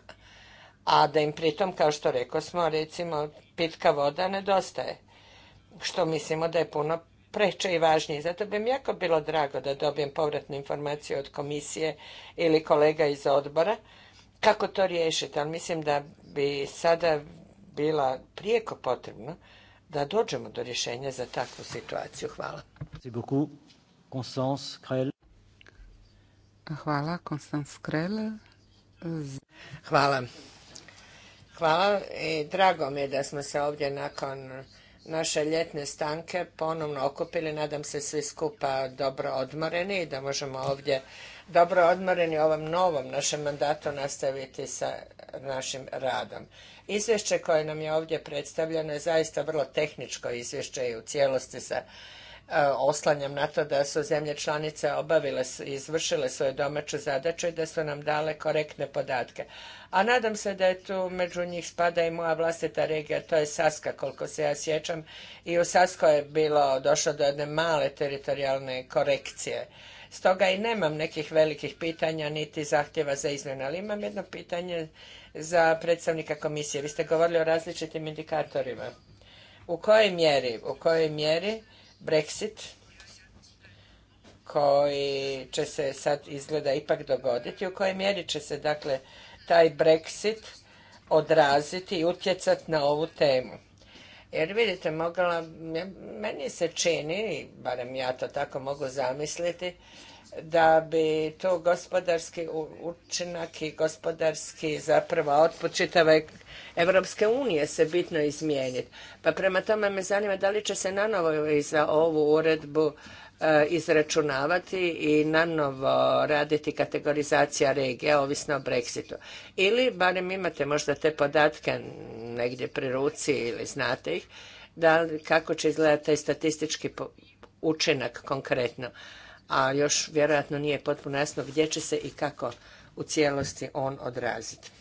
A da im pritom, kao što rekao smo, recimo pitka voda nedostaje. Što mislimo da je puno preče i važnije. Zato bi mi jako bilo drago da dobijem povratnu informaciju od komisije ili kolega iz odbora kako to riješiti. Ali mislim da bi sada bila prijeko potrebno da dođemo do rješenja za takvu situaciju. Hvala. Hvala, Konstans Hvala. Hvala i drago mi je da smo se ovdje nakon naše ljetne stanke ponovno okupili. Nadam se svi skupa dobro odmoreni i da možemo ovdje dobro odmoreni ovom novom našem mandatu nastaviti sa našim radom. Izvješće koje nam je ovdje predstavljeno je zaista vrlo tehničko izvješće i u cijelosti sa e, oslanjam na to da su zemlje članice obavile i izvršile svoju domaću zadaću i da su nam dale korektne podatke. A nadam se da je tu među njih spada i moja vlastita regija, to je Saska, koliko se ja sjećam. I u Sasko je bilo, došlo do jedne male teritorijalne korekcije Stoga i nemam nekih velikih pitanja niti zahtjeva za izmjenu, ali imam jedno pitanje za predstavnika komisije. Vi ste govorili o različitim indikatorima. U kojoj mjeri, u kojoj mjeri Brexit koji će se sad izgleda ipak dogoditi, u kojoj mjeri će se dakle taj Brexit odraziti i utjecati na ovu temu. Jer vidite, mogla, meni se čini, barem ja to tako mogu zamisliti, da bi to gospodarski učinak i gospodarski zapravo otput čitave Evropske unije se bitno izmijeniti. Pa prema tome me zanima da li će se novo i za ovu uredbu E, izračunavati i nanovo raditi kategorizacija regija ovisno o Brexitu. Ili barem imate možda te podatke negdje pri ruci ili znate ih, da, kako će izgledati taj statistički učinak konkretno. A još vjerojatno nije potpuno jasno gdje će se i kako u cijelosti on odraziti.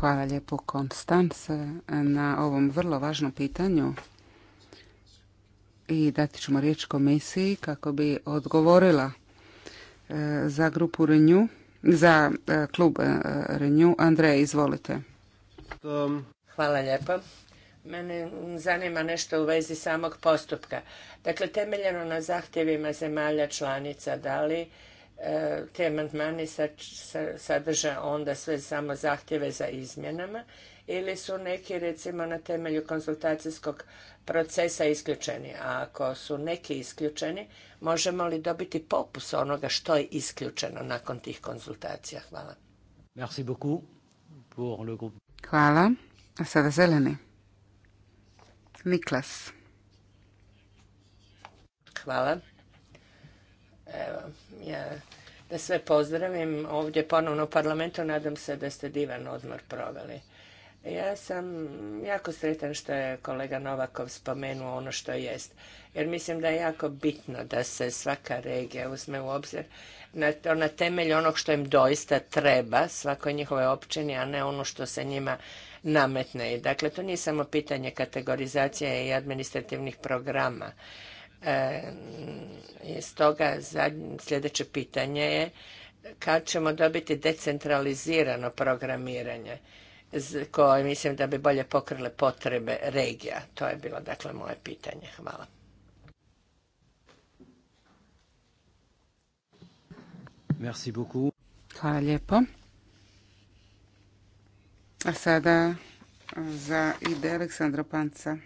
Hvala lijepo Konstance na ovom vrlo važnom pitanju i dati ćemo riječ komisiji kako bi odgovorila e, za grupu Renew, za e, klub e, Renew. Andreja, izvolite. Um, Hvala lijepo. Mene zanima nešto u vezi samog postupka. Dakle, temeljeno na zahtjevima zemalja članica, da li te amandmani sadrže onda sve samo zahtjeve za izmjenama ili su neki recimo na temelju konzultacijskog procesa isključeni. A ako su neki isključeni, možemo li dobiti popus onoga što je isključeno nakon tih konzultacija. Hvala. Merci beaucoup pour le groupe. Hvala. A sada zeleni. Niklas. Hvala. Evo, ja da sve pozdravim ovdje ponovno u parlamentu. Nadam se da ste divan odmor proveli. Ja sam jako sretan što je kolega Novakov spomenuo ono što jest, jer mislim da je jako bitno da se svaka regija uzme u obzir na, to, na temelju onog što im doista treba, svakoj njihove općini, a ne ono što se njima nametne. Dakle, to nije samo pitanje kategorizacije i administrativnih programa. E, stoga sljedeće pitanje je kad ćemo dobiti decentralizirano programiranje koje mislim da bi bolje pokrile potrebe regija. To je bilo dakle moje pitanje. Hvala. Merci beaucoup. Hvala lijepo. A sada za ide Aleksandra Panca.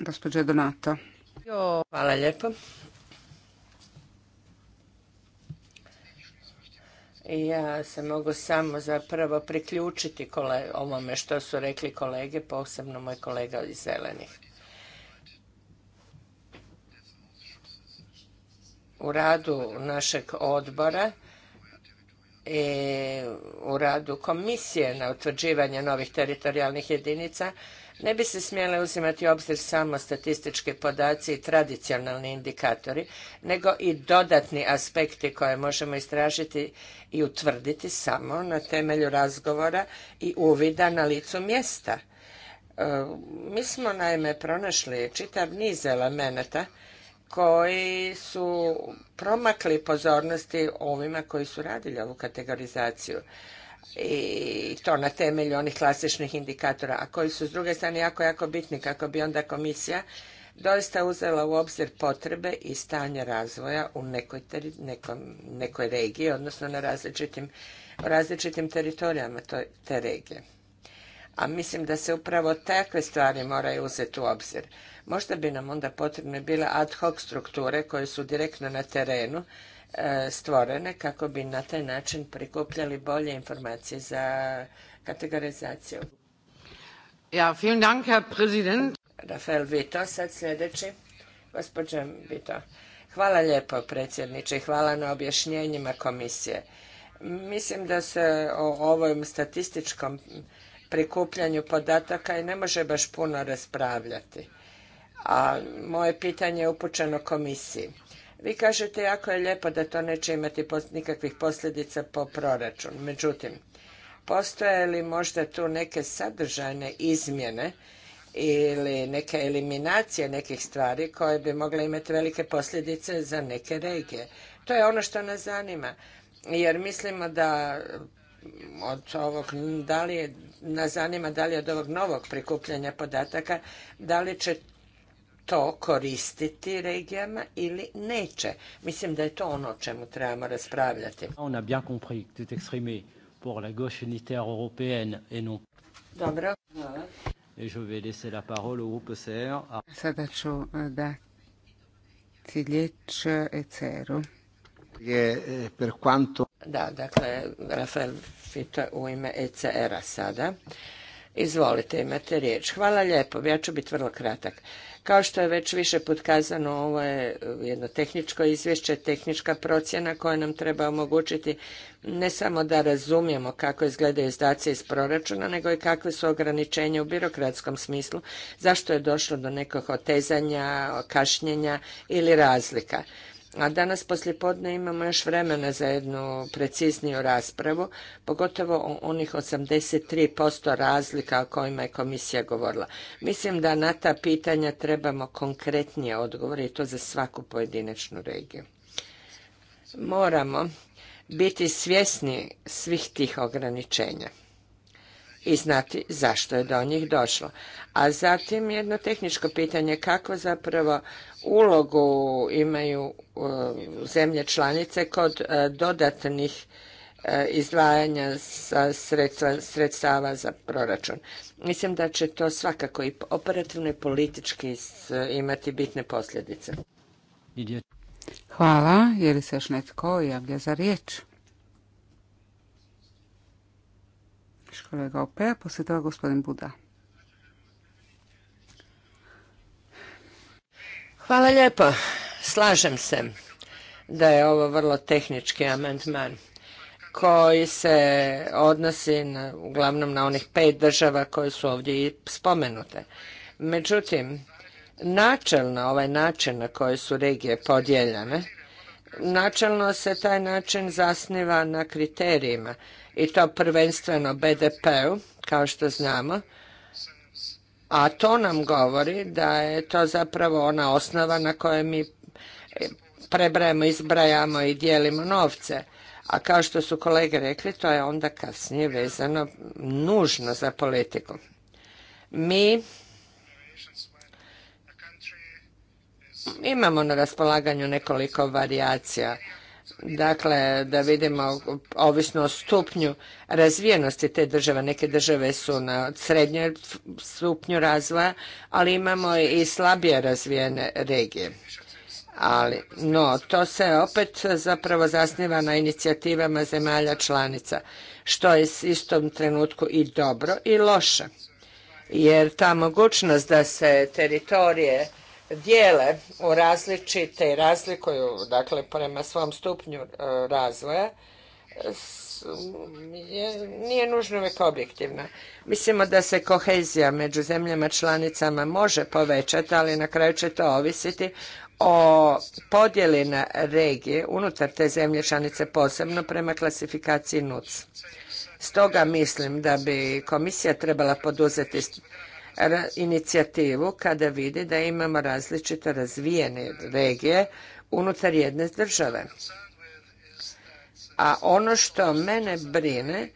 Gospođa Donato. Hvala lijepo. ja se mogu samo zapravo priključiti ovome što su rekli kolege, posebno moj kolega iz Zelenih. U radu našeg odbora i u radu komisije na utvrđivanje novih teritorijalnih jedinica ne bi se smjele uzimati u obzir samo statistički podaci i tradicionalni indikatori, nego i dodatni aspekti koje možemo istražiti i utvrditi samo na temelju razgovora i uvida na licu mjesta. E, mi smo naime pronašli čitav niz elemenata koji su promakli pozornosti ovima koji su radili ovu kategorizaciju i to na temelju onih klasičnih indikatora, a koji su s druge strane jako, jako bitni kako bi onda komisija doista uzela u obzir potrebe i stanje razvoja u nekoj, nekoj regiji, odnosno na različitim, različitim teritorijama te regije. A mislim da se upravo takve stvari moraju uzeti u obzir. Možda bi nam onda potrebne bile ad hoc strukture koje su direktno na terenu, E, stvorene kako bi na taj način prikupljali bolje informacije za kategorizaciju. Ja, vielen Dank, Herr Präsident. Rafael Vito, sad sljedeći. Gospodin Vito. Hvala lijepo, predsjedniče, hvala na objašnjenjima komisije. Mislim da se o ovom statističkom prikupljanju podataka i ne može baš puno raspravljati. A moje pitanje je upućeno komisiji. Vi kažete jako je lijepo da to neće imati nikakvih posljedica po proračun. Međutim, postoje li možda tu neke sadržajne izmjene ili neke eliminacije nekih stvari koje bi mogle imati velike posljedice za neke regije? To je ono što nas zanima. Jer mislimo da od ovog, da li je, nas zanima da li od ovog novog prikupljanja podataka, da li će to koristiti regijama ili neće. Mislim da je to ono o čemu trebamo raspravljati. Dobro. Sada ću e, dati riječ ECR-u. E e, da, dakle, Rafael Fito u ime ECR-a sada. Izvolite, imate riječ. Hvala lijepo, ja ću biti vrlo kratak. Kao što je već više put ovo je jedno tehničko izvješće, tehnička procjena koja nam treba omogućiti ne samo da razumijemo kako izgledaju izdaci iz proračuna, nego i kakve su ograničenja u birokratskom smislu, zašto je došlo do nekog otezanja, kašnjenja ili razlika. A danas poslijepodne imamo još vremena za jednu precizniju raspravu, pogotovo o onih 83% razlika o kojima je komisija govorila. Mislim da na ta pitanja trebamo konkretnije odgovore i to za svaku pojedinačnu regiju. Moramo biti svjesni svih tih ograničenja i znati zašto je do njih došlo. A zatim jedno tehničko pitanje kako zapravo ulogu imaju e, zemlje članice kod e, dodatnih e, izdvajanja sa sredstava za proračun. Mislim da će to svakako i operativno i politički imati bitne posljedice. Hvala. Je li se još netko javlja za riječ? poslije toga gospodin Buda. Hvala lijepo. Slažem se da je ovo vrlo tehnički amandman koji se odnosi na, uglavnom na onih pet država koje su ovdje i spomenute. Međutim, načelno ovaj način na koji su regije podijeljene, načelno se taj način zasniva na kriterijima i to prvenstveno BDP-u, kao što znamo, a to nam govori da je to zapravo ona osnova na kojoj mi prebrajamo, izbrajamo i dijelimo novce. A kao što su kolege rekli, to je onda kasnije vezano nužno za politiku. Mi imamo na raspolaganju nekoliko varijacija dakle da vidimo ovisno o stupnju razvijenosti te države. Neke države su na srednjoj stupnju razvoja, ali imamo i slabije razvijene regije. Ali, no, to se opet zapravo zasniva na inicijativama zemalja članica, što je s istom trenutku i dobro i loše. Jer ta mogućnost da se teritorije dijele u različite i razlikuju, dakle, prema svom stupnju e, razvoja, nije nužno uvijek objektivna. Mislimo da se kohezija među zemljama članicama može povećati, ali na kraju će to ovisiti o podjeli na regije unutar te zemlje članice posebno prema klasifikaciji NUC. Stoga mislim da bi komisija trebala poduzeti inicijativu kada vidi da imamo različito razvijene regije unutar jedne države. A ono što mene brine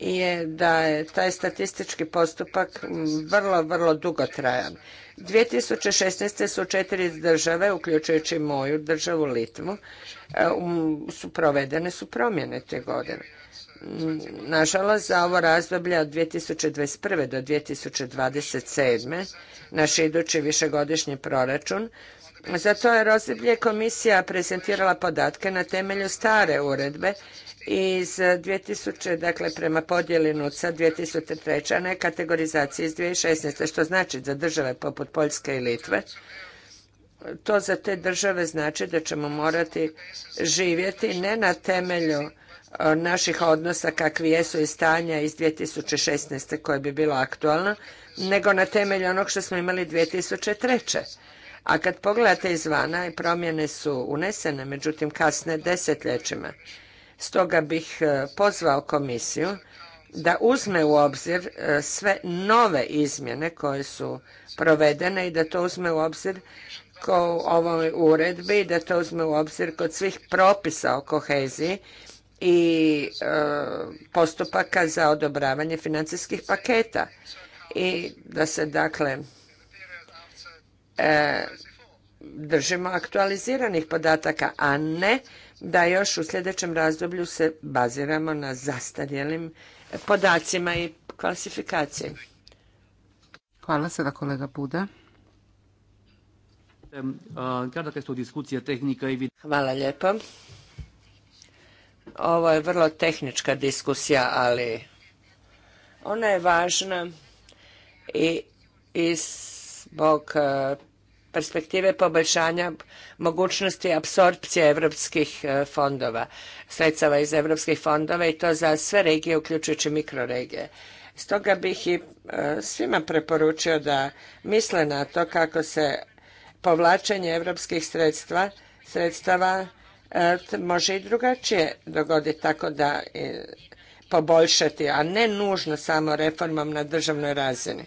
je da je taj statistički postupak vrlo, vrlo dugo dugotrajan. 2016. su četiri države, uključujući moju državu Litvu, e, um, su provedene su promjene te godine. Nažalost, za ovo razdoblje od 2021. do 2027. naš idući višegodišnji proračun, za to je razdoblje komisija prezentirala podatke na temelju stare uredbe iz 2000, dakle prema podjeli NUCA 2003, a ne kategorizacije iz 2016. Što znači za države poput Poljske i Litve, to za te države znači da ćemo morati živjeti ne na temelju naših odnosa kakvi jesu i stanja iz 2016. koje bi bilo aktualno, nego na temelju onog što smo imali 2003. A kad pogledate izvana promjene su unesene, međutim kasne desetljećima. Stoga bih e, pozvao komisiju da uzme u obzir e, sve nove izmjene koje su provedene i da to uzme u obzir u ovoj uredbi i da to uzme u obzir kod svih propisa o koheziji i e, postupaka za odobravanje financijskih paketa i da se dakle e, držimo aktualiziranih podataka, a ne da još u sljedećem razdoblju se baziramo na zastarjelim podacima i klasifikaciji. Hvala sada kolega Buda. Hvala lijepo. Ovo je vrlo tehnička diskusija, ali ona je važna i, i zbog e, perspektive poboljšanja mogućnosti apsorpcije europskih e, fondova, sredstava iz europskih fondova i to za sve regije, uključujući mikroregije. Stoga bih i e, svima preporučio da misle na to kako se povlačenje europskih sredstva, sredstava E, može i drugačije dogoditi tako da e, poboljšati, a ne nužno samo reformom na državnoj razini.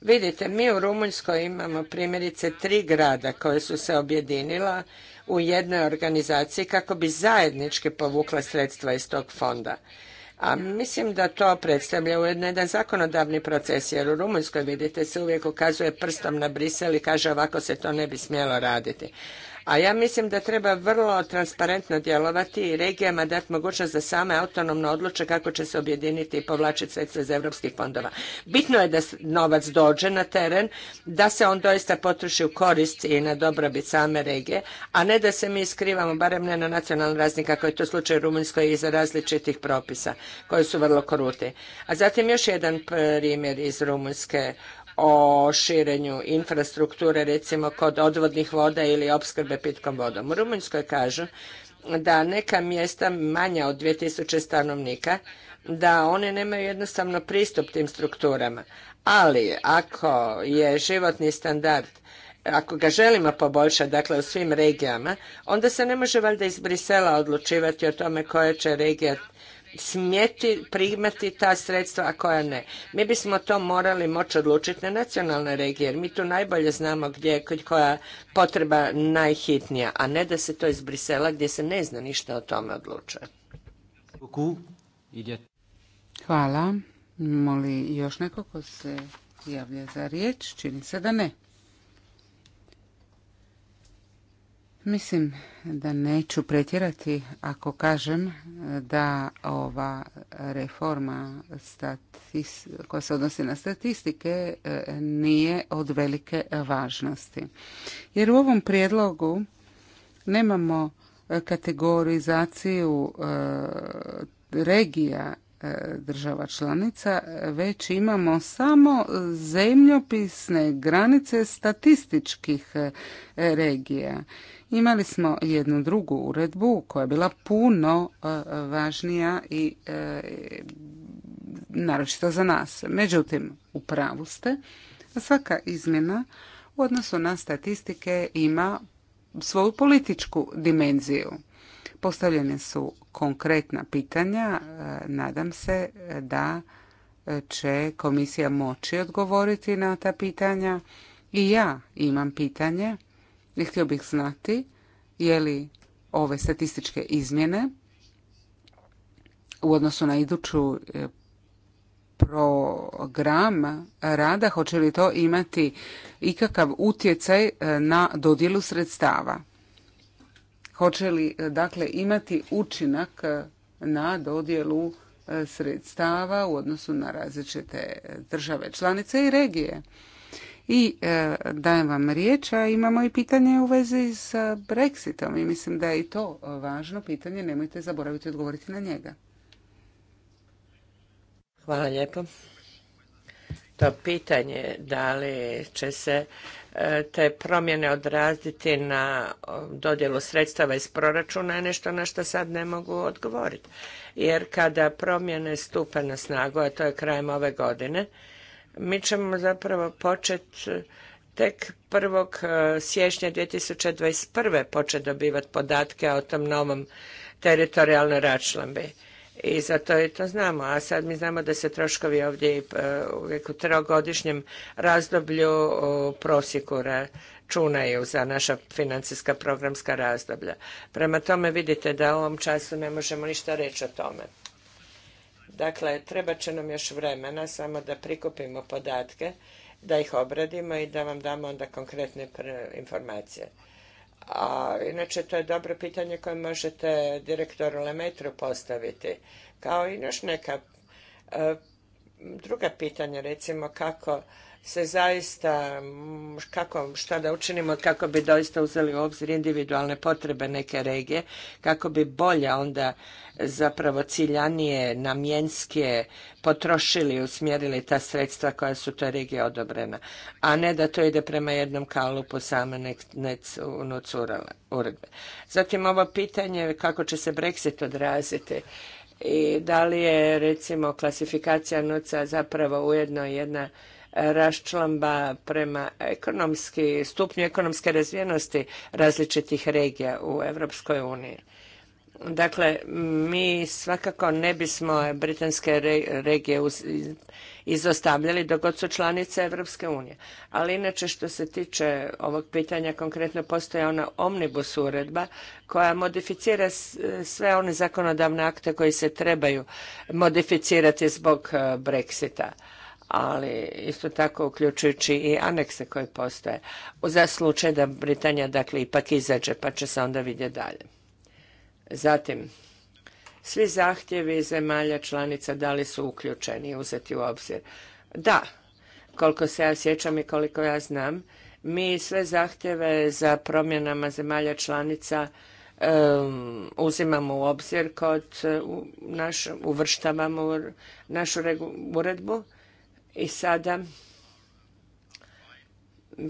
Vidite, mi u Rumunjskoj imamo primjerice tri grada koje su se objedinila u jednoj organizaciji kako bi zajednički povukla sredstva iz tog fonda. A mislim da to predstavlja ujedno jedan zakonodavni proces, jer u Rumunjskoj, vidite, se uvijek ukazuje prstom na Brisel i kaže ovako se to ne bi smjelo raditi. A ja mislim da treba vrlo transparentno djelovati i regijama dati mogućnost da same autonomno odluče kako će se objediniti i povlačiti sredstva iz europskih fondova. Bitno je da novac dođe na teren, da se on doista potroši u korist i na dobrobit same regije, a ne da se mi skrivamo, barem ne na nacionalnom razini kako je to slučaj u Rumunjskoj za različitih propisa koji su vrlo kruti. A zatim još jedan primjer iz Rumunjske o širenju infrastrukture recimo kod odvodnih voda ili opskrbe pitkom vodom. U Rumunjskoj kažu da neka mjesta manja od 2000 stanovnika da one nemaju jednostavno pristup tim strukturama. Ali ako je životni standard ako ga želimo poboljšati, dakle u svim regijama, onda se ne može valjda iz Brisela odlučivati o tome koja će regija smjeti primati ta sredstva, a koja ne. Mi bismo to morali moći odlučiti na nacionalnoj regiji, jer mi tu najbolje znamo gdje je koja potreba najhitnija, a ne da se to iz Brisela gdje se ne zna ništa o tome odlučuje. Hvala. Moli još neko ko se javlja za riječ? Čini se da ne. Mislim da neću pretjerati ako kažem da ova reforma koja se odnosi na statistike e, nije od velike važnosti. Jer u ovom prijedlogu nemamo kategorizaciju e, regija E, država članica, e, već imamo samo zemljopisne granice statističkih e, regija. Imali smo jednu drugu uredbu koja je bila puno važnija i naročito za nas. Međutim, u pravu ste, svaka izmjena u odnosu na statistike ima svoju političku dimenziju. Postavljene su konkretna pitanja. E, nadam se e, da e, će komisija moći odgovoriti na ta pitanja. I ja imam pitanje. Htio bih znati je li ove statističke izmjene u odnosu na iduću program rada, hoće li to imati ikakav utjecaj na dodjelu sredstava? hoće li e, dakle imati učinak e, na dodjelu e, sredstava u odnosu na različite države članice i regije. I dajem vam riječ, a imamo i pitanje u vezi sa Brexitom i mislim da je i to važno pitanje, nemojte zaboraviti odgovoriti na njega. Hvala lijepo to pitanje da li će se e, te promjene odraziti na dodjelu sredstava iz proračuna je nešto na što sad ne mogu odgovoriti. Jer kada promjene stupe na snagu, a to je krajem ove godine, mi ćemo zapravo početi e, tek 1. E, siječnja 2021. početi dobivati podatke o tom novom teritorijalnoj račlambi i zato je to znamo. A sad mi znamo da se troškovi ovdje e, u trogodišnjem razdoblju u prosjeku računaju za naša financijska programska razdoblja. Prema tome vidite da u ovom času ne možemo ništa reći o tome. Dakle, treba će nam još vremena samo da prikupimo podatke, da ih obradimo i da vam damo onda konkretne informacije. A, inače, to je dobro pitanje koje možete direktoru Lemetru postaviti. Kao i još neka e, druga pitanja, recimo kako se zaista, kako, šta da učinimo kako bi doista uzeli u obzir individualne potrebe neke regije, kako bi bolje onda zapravo ciljanije, namjenske potrošili i usmjerili ta sredstva koja su toj regije odobrena, a ne da to ide prema jednom kalupu same nec, uredbe. Zatim ovo pitanje kako će se Brexit odraziti i da li je recimo klasifikacija nuca zapravo ujedno jedna raščlamba prema ekonomski, stupnju ekonomske razvijenosti različitih regija u Europskoj uniji. Dakle, mi svakako ne bismo britanske regije izostavljali dok god su članice Evropske unije. Ali inače što se tiče ovog pitanja, konkretno postoje ona omnibus uredba koja modificira sve one zakonodavne akte koji se trebaju modificirati zbog e, Brexita ali isto tako uključujući i anekse koje postoje za slučaj da Britanija dakle ipak izađe pa će se onda vidjeti dalje. Zatim, svi zahtjevi zemalja članica da li su uključeni i uzeti u obzir. Da, koliko se ja sjećam i koliko ja znam, mi sve zahtjeve za promjenama zemalja članica uzimamo u obzir kod e, u naš, uvrštavamo u našu uredbu i sada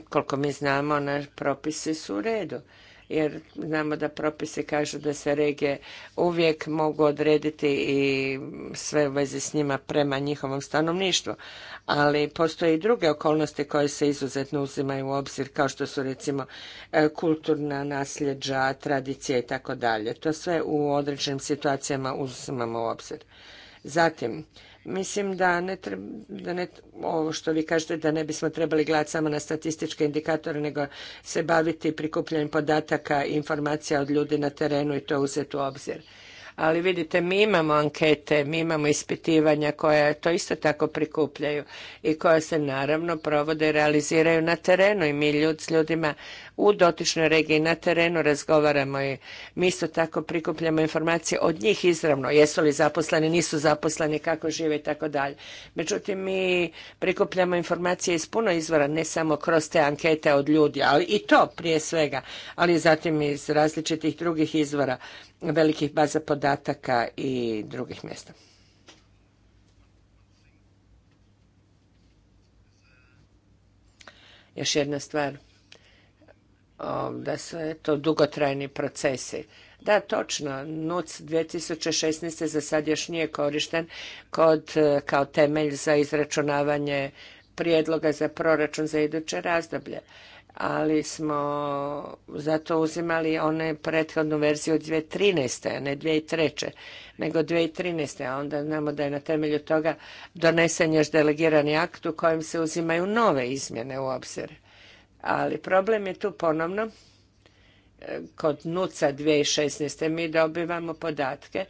koliko mi znamo, na propisi su u redu jer znamo da propisi kažu da se regije uvijek mogu odrediti i sve u vezi s njima prema njihovom stanovništvu. Ali postoje i druge okolnosti koje se izuzetno uzimaju u obzir, kao što su recimo e, kulturna nasljeđa, tradicije i tako dalje. To sve u određenim situacijama uzimamo u obzir. Zatim, Mislim da ne, treba, da ne ovo što vi kažete da ne bismo trebali gledati samo na statističke indikatore, nego se baviti prikupljanjem podataka i informacija od ljudi na terenu i to uzeti u obzir. Ali vidite, mi imamo ankete, mi imamo ispitivanja koja to isto tako prikupljaju i koja se naravno provode i realiziraju na terenu i mi s ljudima u dotičnoj regiji na terenu, razgovaramo i mi isto tako prikupljamo informacije od njih izravno, jesu li zaposleni, nisu zaposleni, kako žive i tako dalje. Međutim, mi prikupljamo informacije iz puno izvora, ne samo kroz te ankete od ljudi, ali i to prije svega, ali zatim iz različitih drugih izvora, velikih baza podataka i drugih mjesta. Još jedna stvar. Um, da su to dugotrajni procesi. Da, točno, NUC 2016. za sad još nije korišten kod, e, kao temelj za izračunavanje prijedloga za proračun za iduće razdoblje ali smo zato uzimali one prethodnu verziju od 2013. a ne 2003. nego 2013. a onda znamo da je na temelju toga donesen još delegirani akt u kojem se uzimaju nove izmjene u obzir. Ali problem je tu ponovno e, kod NUCA 2016. mi dobivamo podatke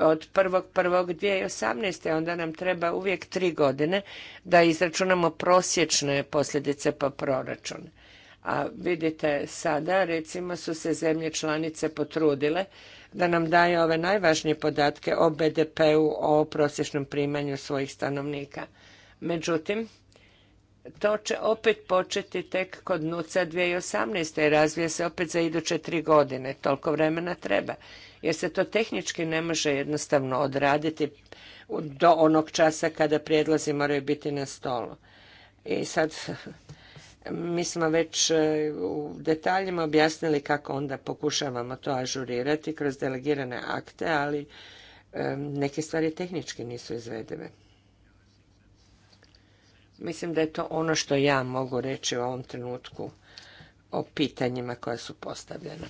od 1.1.2018. onda nam treba uvijek tri godine da izračunamo prosječne posljedice po proračun. A vidite sada recimo su se zemlje članice potrudile da nam daje ove najvažnije podatke o BDP-u, o prosječnom primanju svojih stanovnika. Međutim, to će opet početi tek kod NUCA 2018. i razvija se opet za iduće tri godine. Toliko vremena treba. Jer se to tehnički ne može jednostavno odraditi do onog časa kada prijedlozi moraju biti na stolu. I sad mi smo već e, u detaljima objasnili kako onda pokušavamo to ažurirati kroz delegirane akte, ali e, neke stvari tehnički nisu izvedive. Mislim da je to ono što ja mogu reći u ovom trenutku o pitanjima koja su postavljena.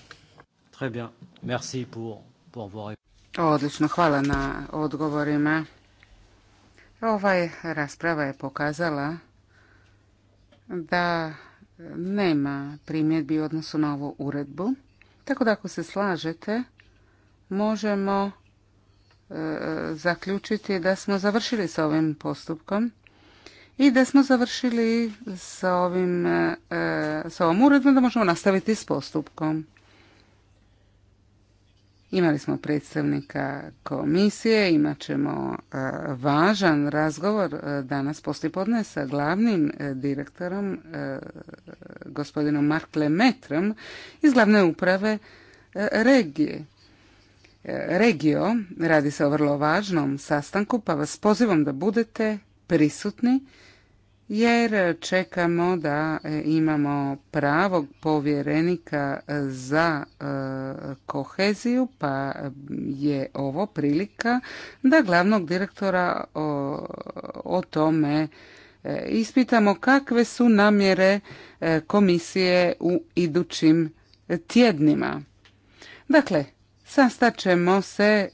Très bien. Merci pour, pour Odlično, hvala na odgovorima. Ova rasprava je pokazala da nema primjedbi u odnosu na ovu uredbu. Tako da ako se slažete, možemo e, zaključiti da smo završili sa ovim postupkom i da smo završili sa, ovim, e, sa ovom uredbom da možemo nastaviti s postupkom. Imali smo predstavnika komisije, imat ćemo e, važan razgovor e, danas poslijepodne sa glavnim direktorom, gospodinom Mark Lemetrom iz glavne uprave regije. Regio, radi se o vrlo važnom sastanku, pa vas pozivam da budete prisutni jer čekamo da e, imamo pravog povjerenika za e, koheziju, pa je ovo prilika da glavnog direktora o, o tome e, ispitamo kakve su namjere komisije u idućim tjednima. Dakle, sastat se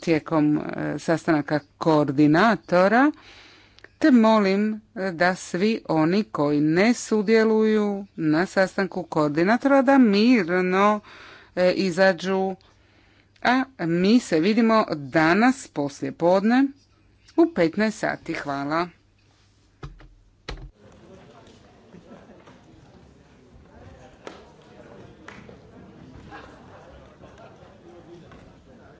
tijekom sastanaka koordinatora te molim e, da svi oni koji ne sudjeluju na sastanku koordinatora da mirno e, izađu. A mi se vidimo danas poslije podne u 15 sati. Hvala.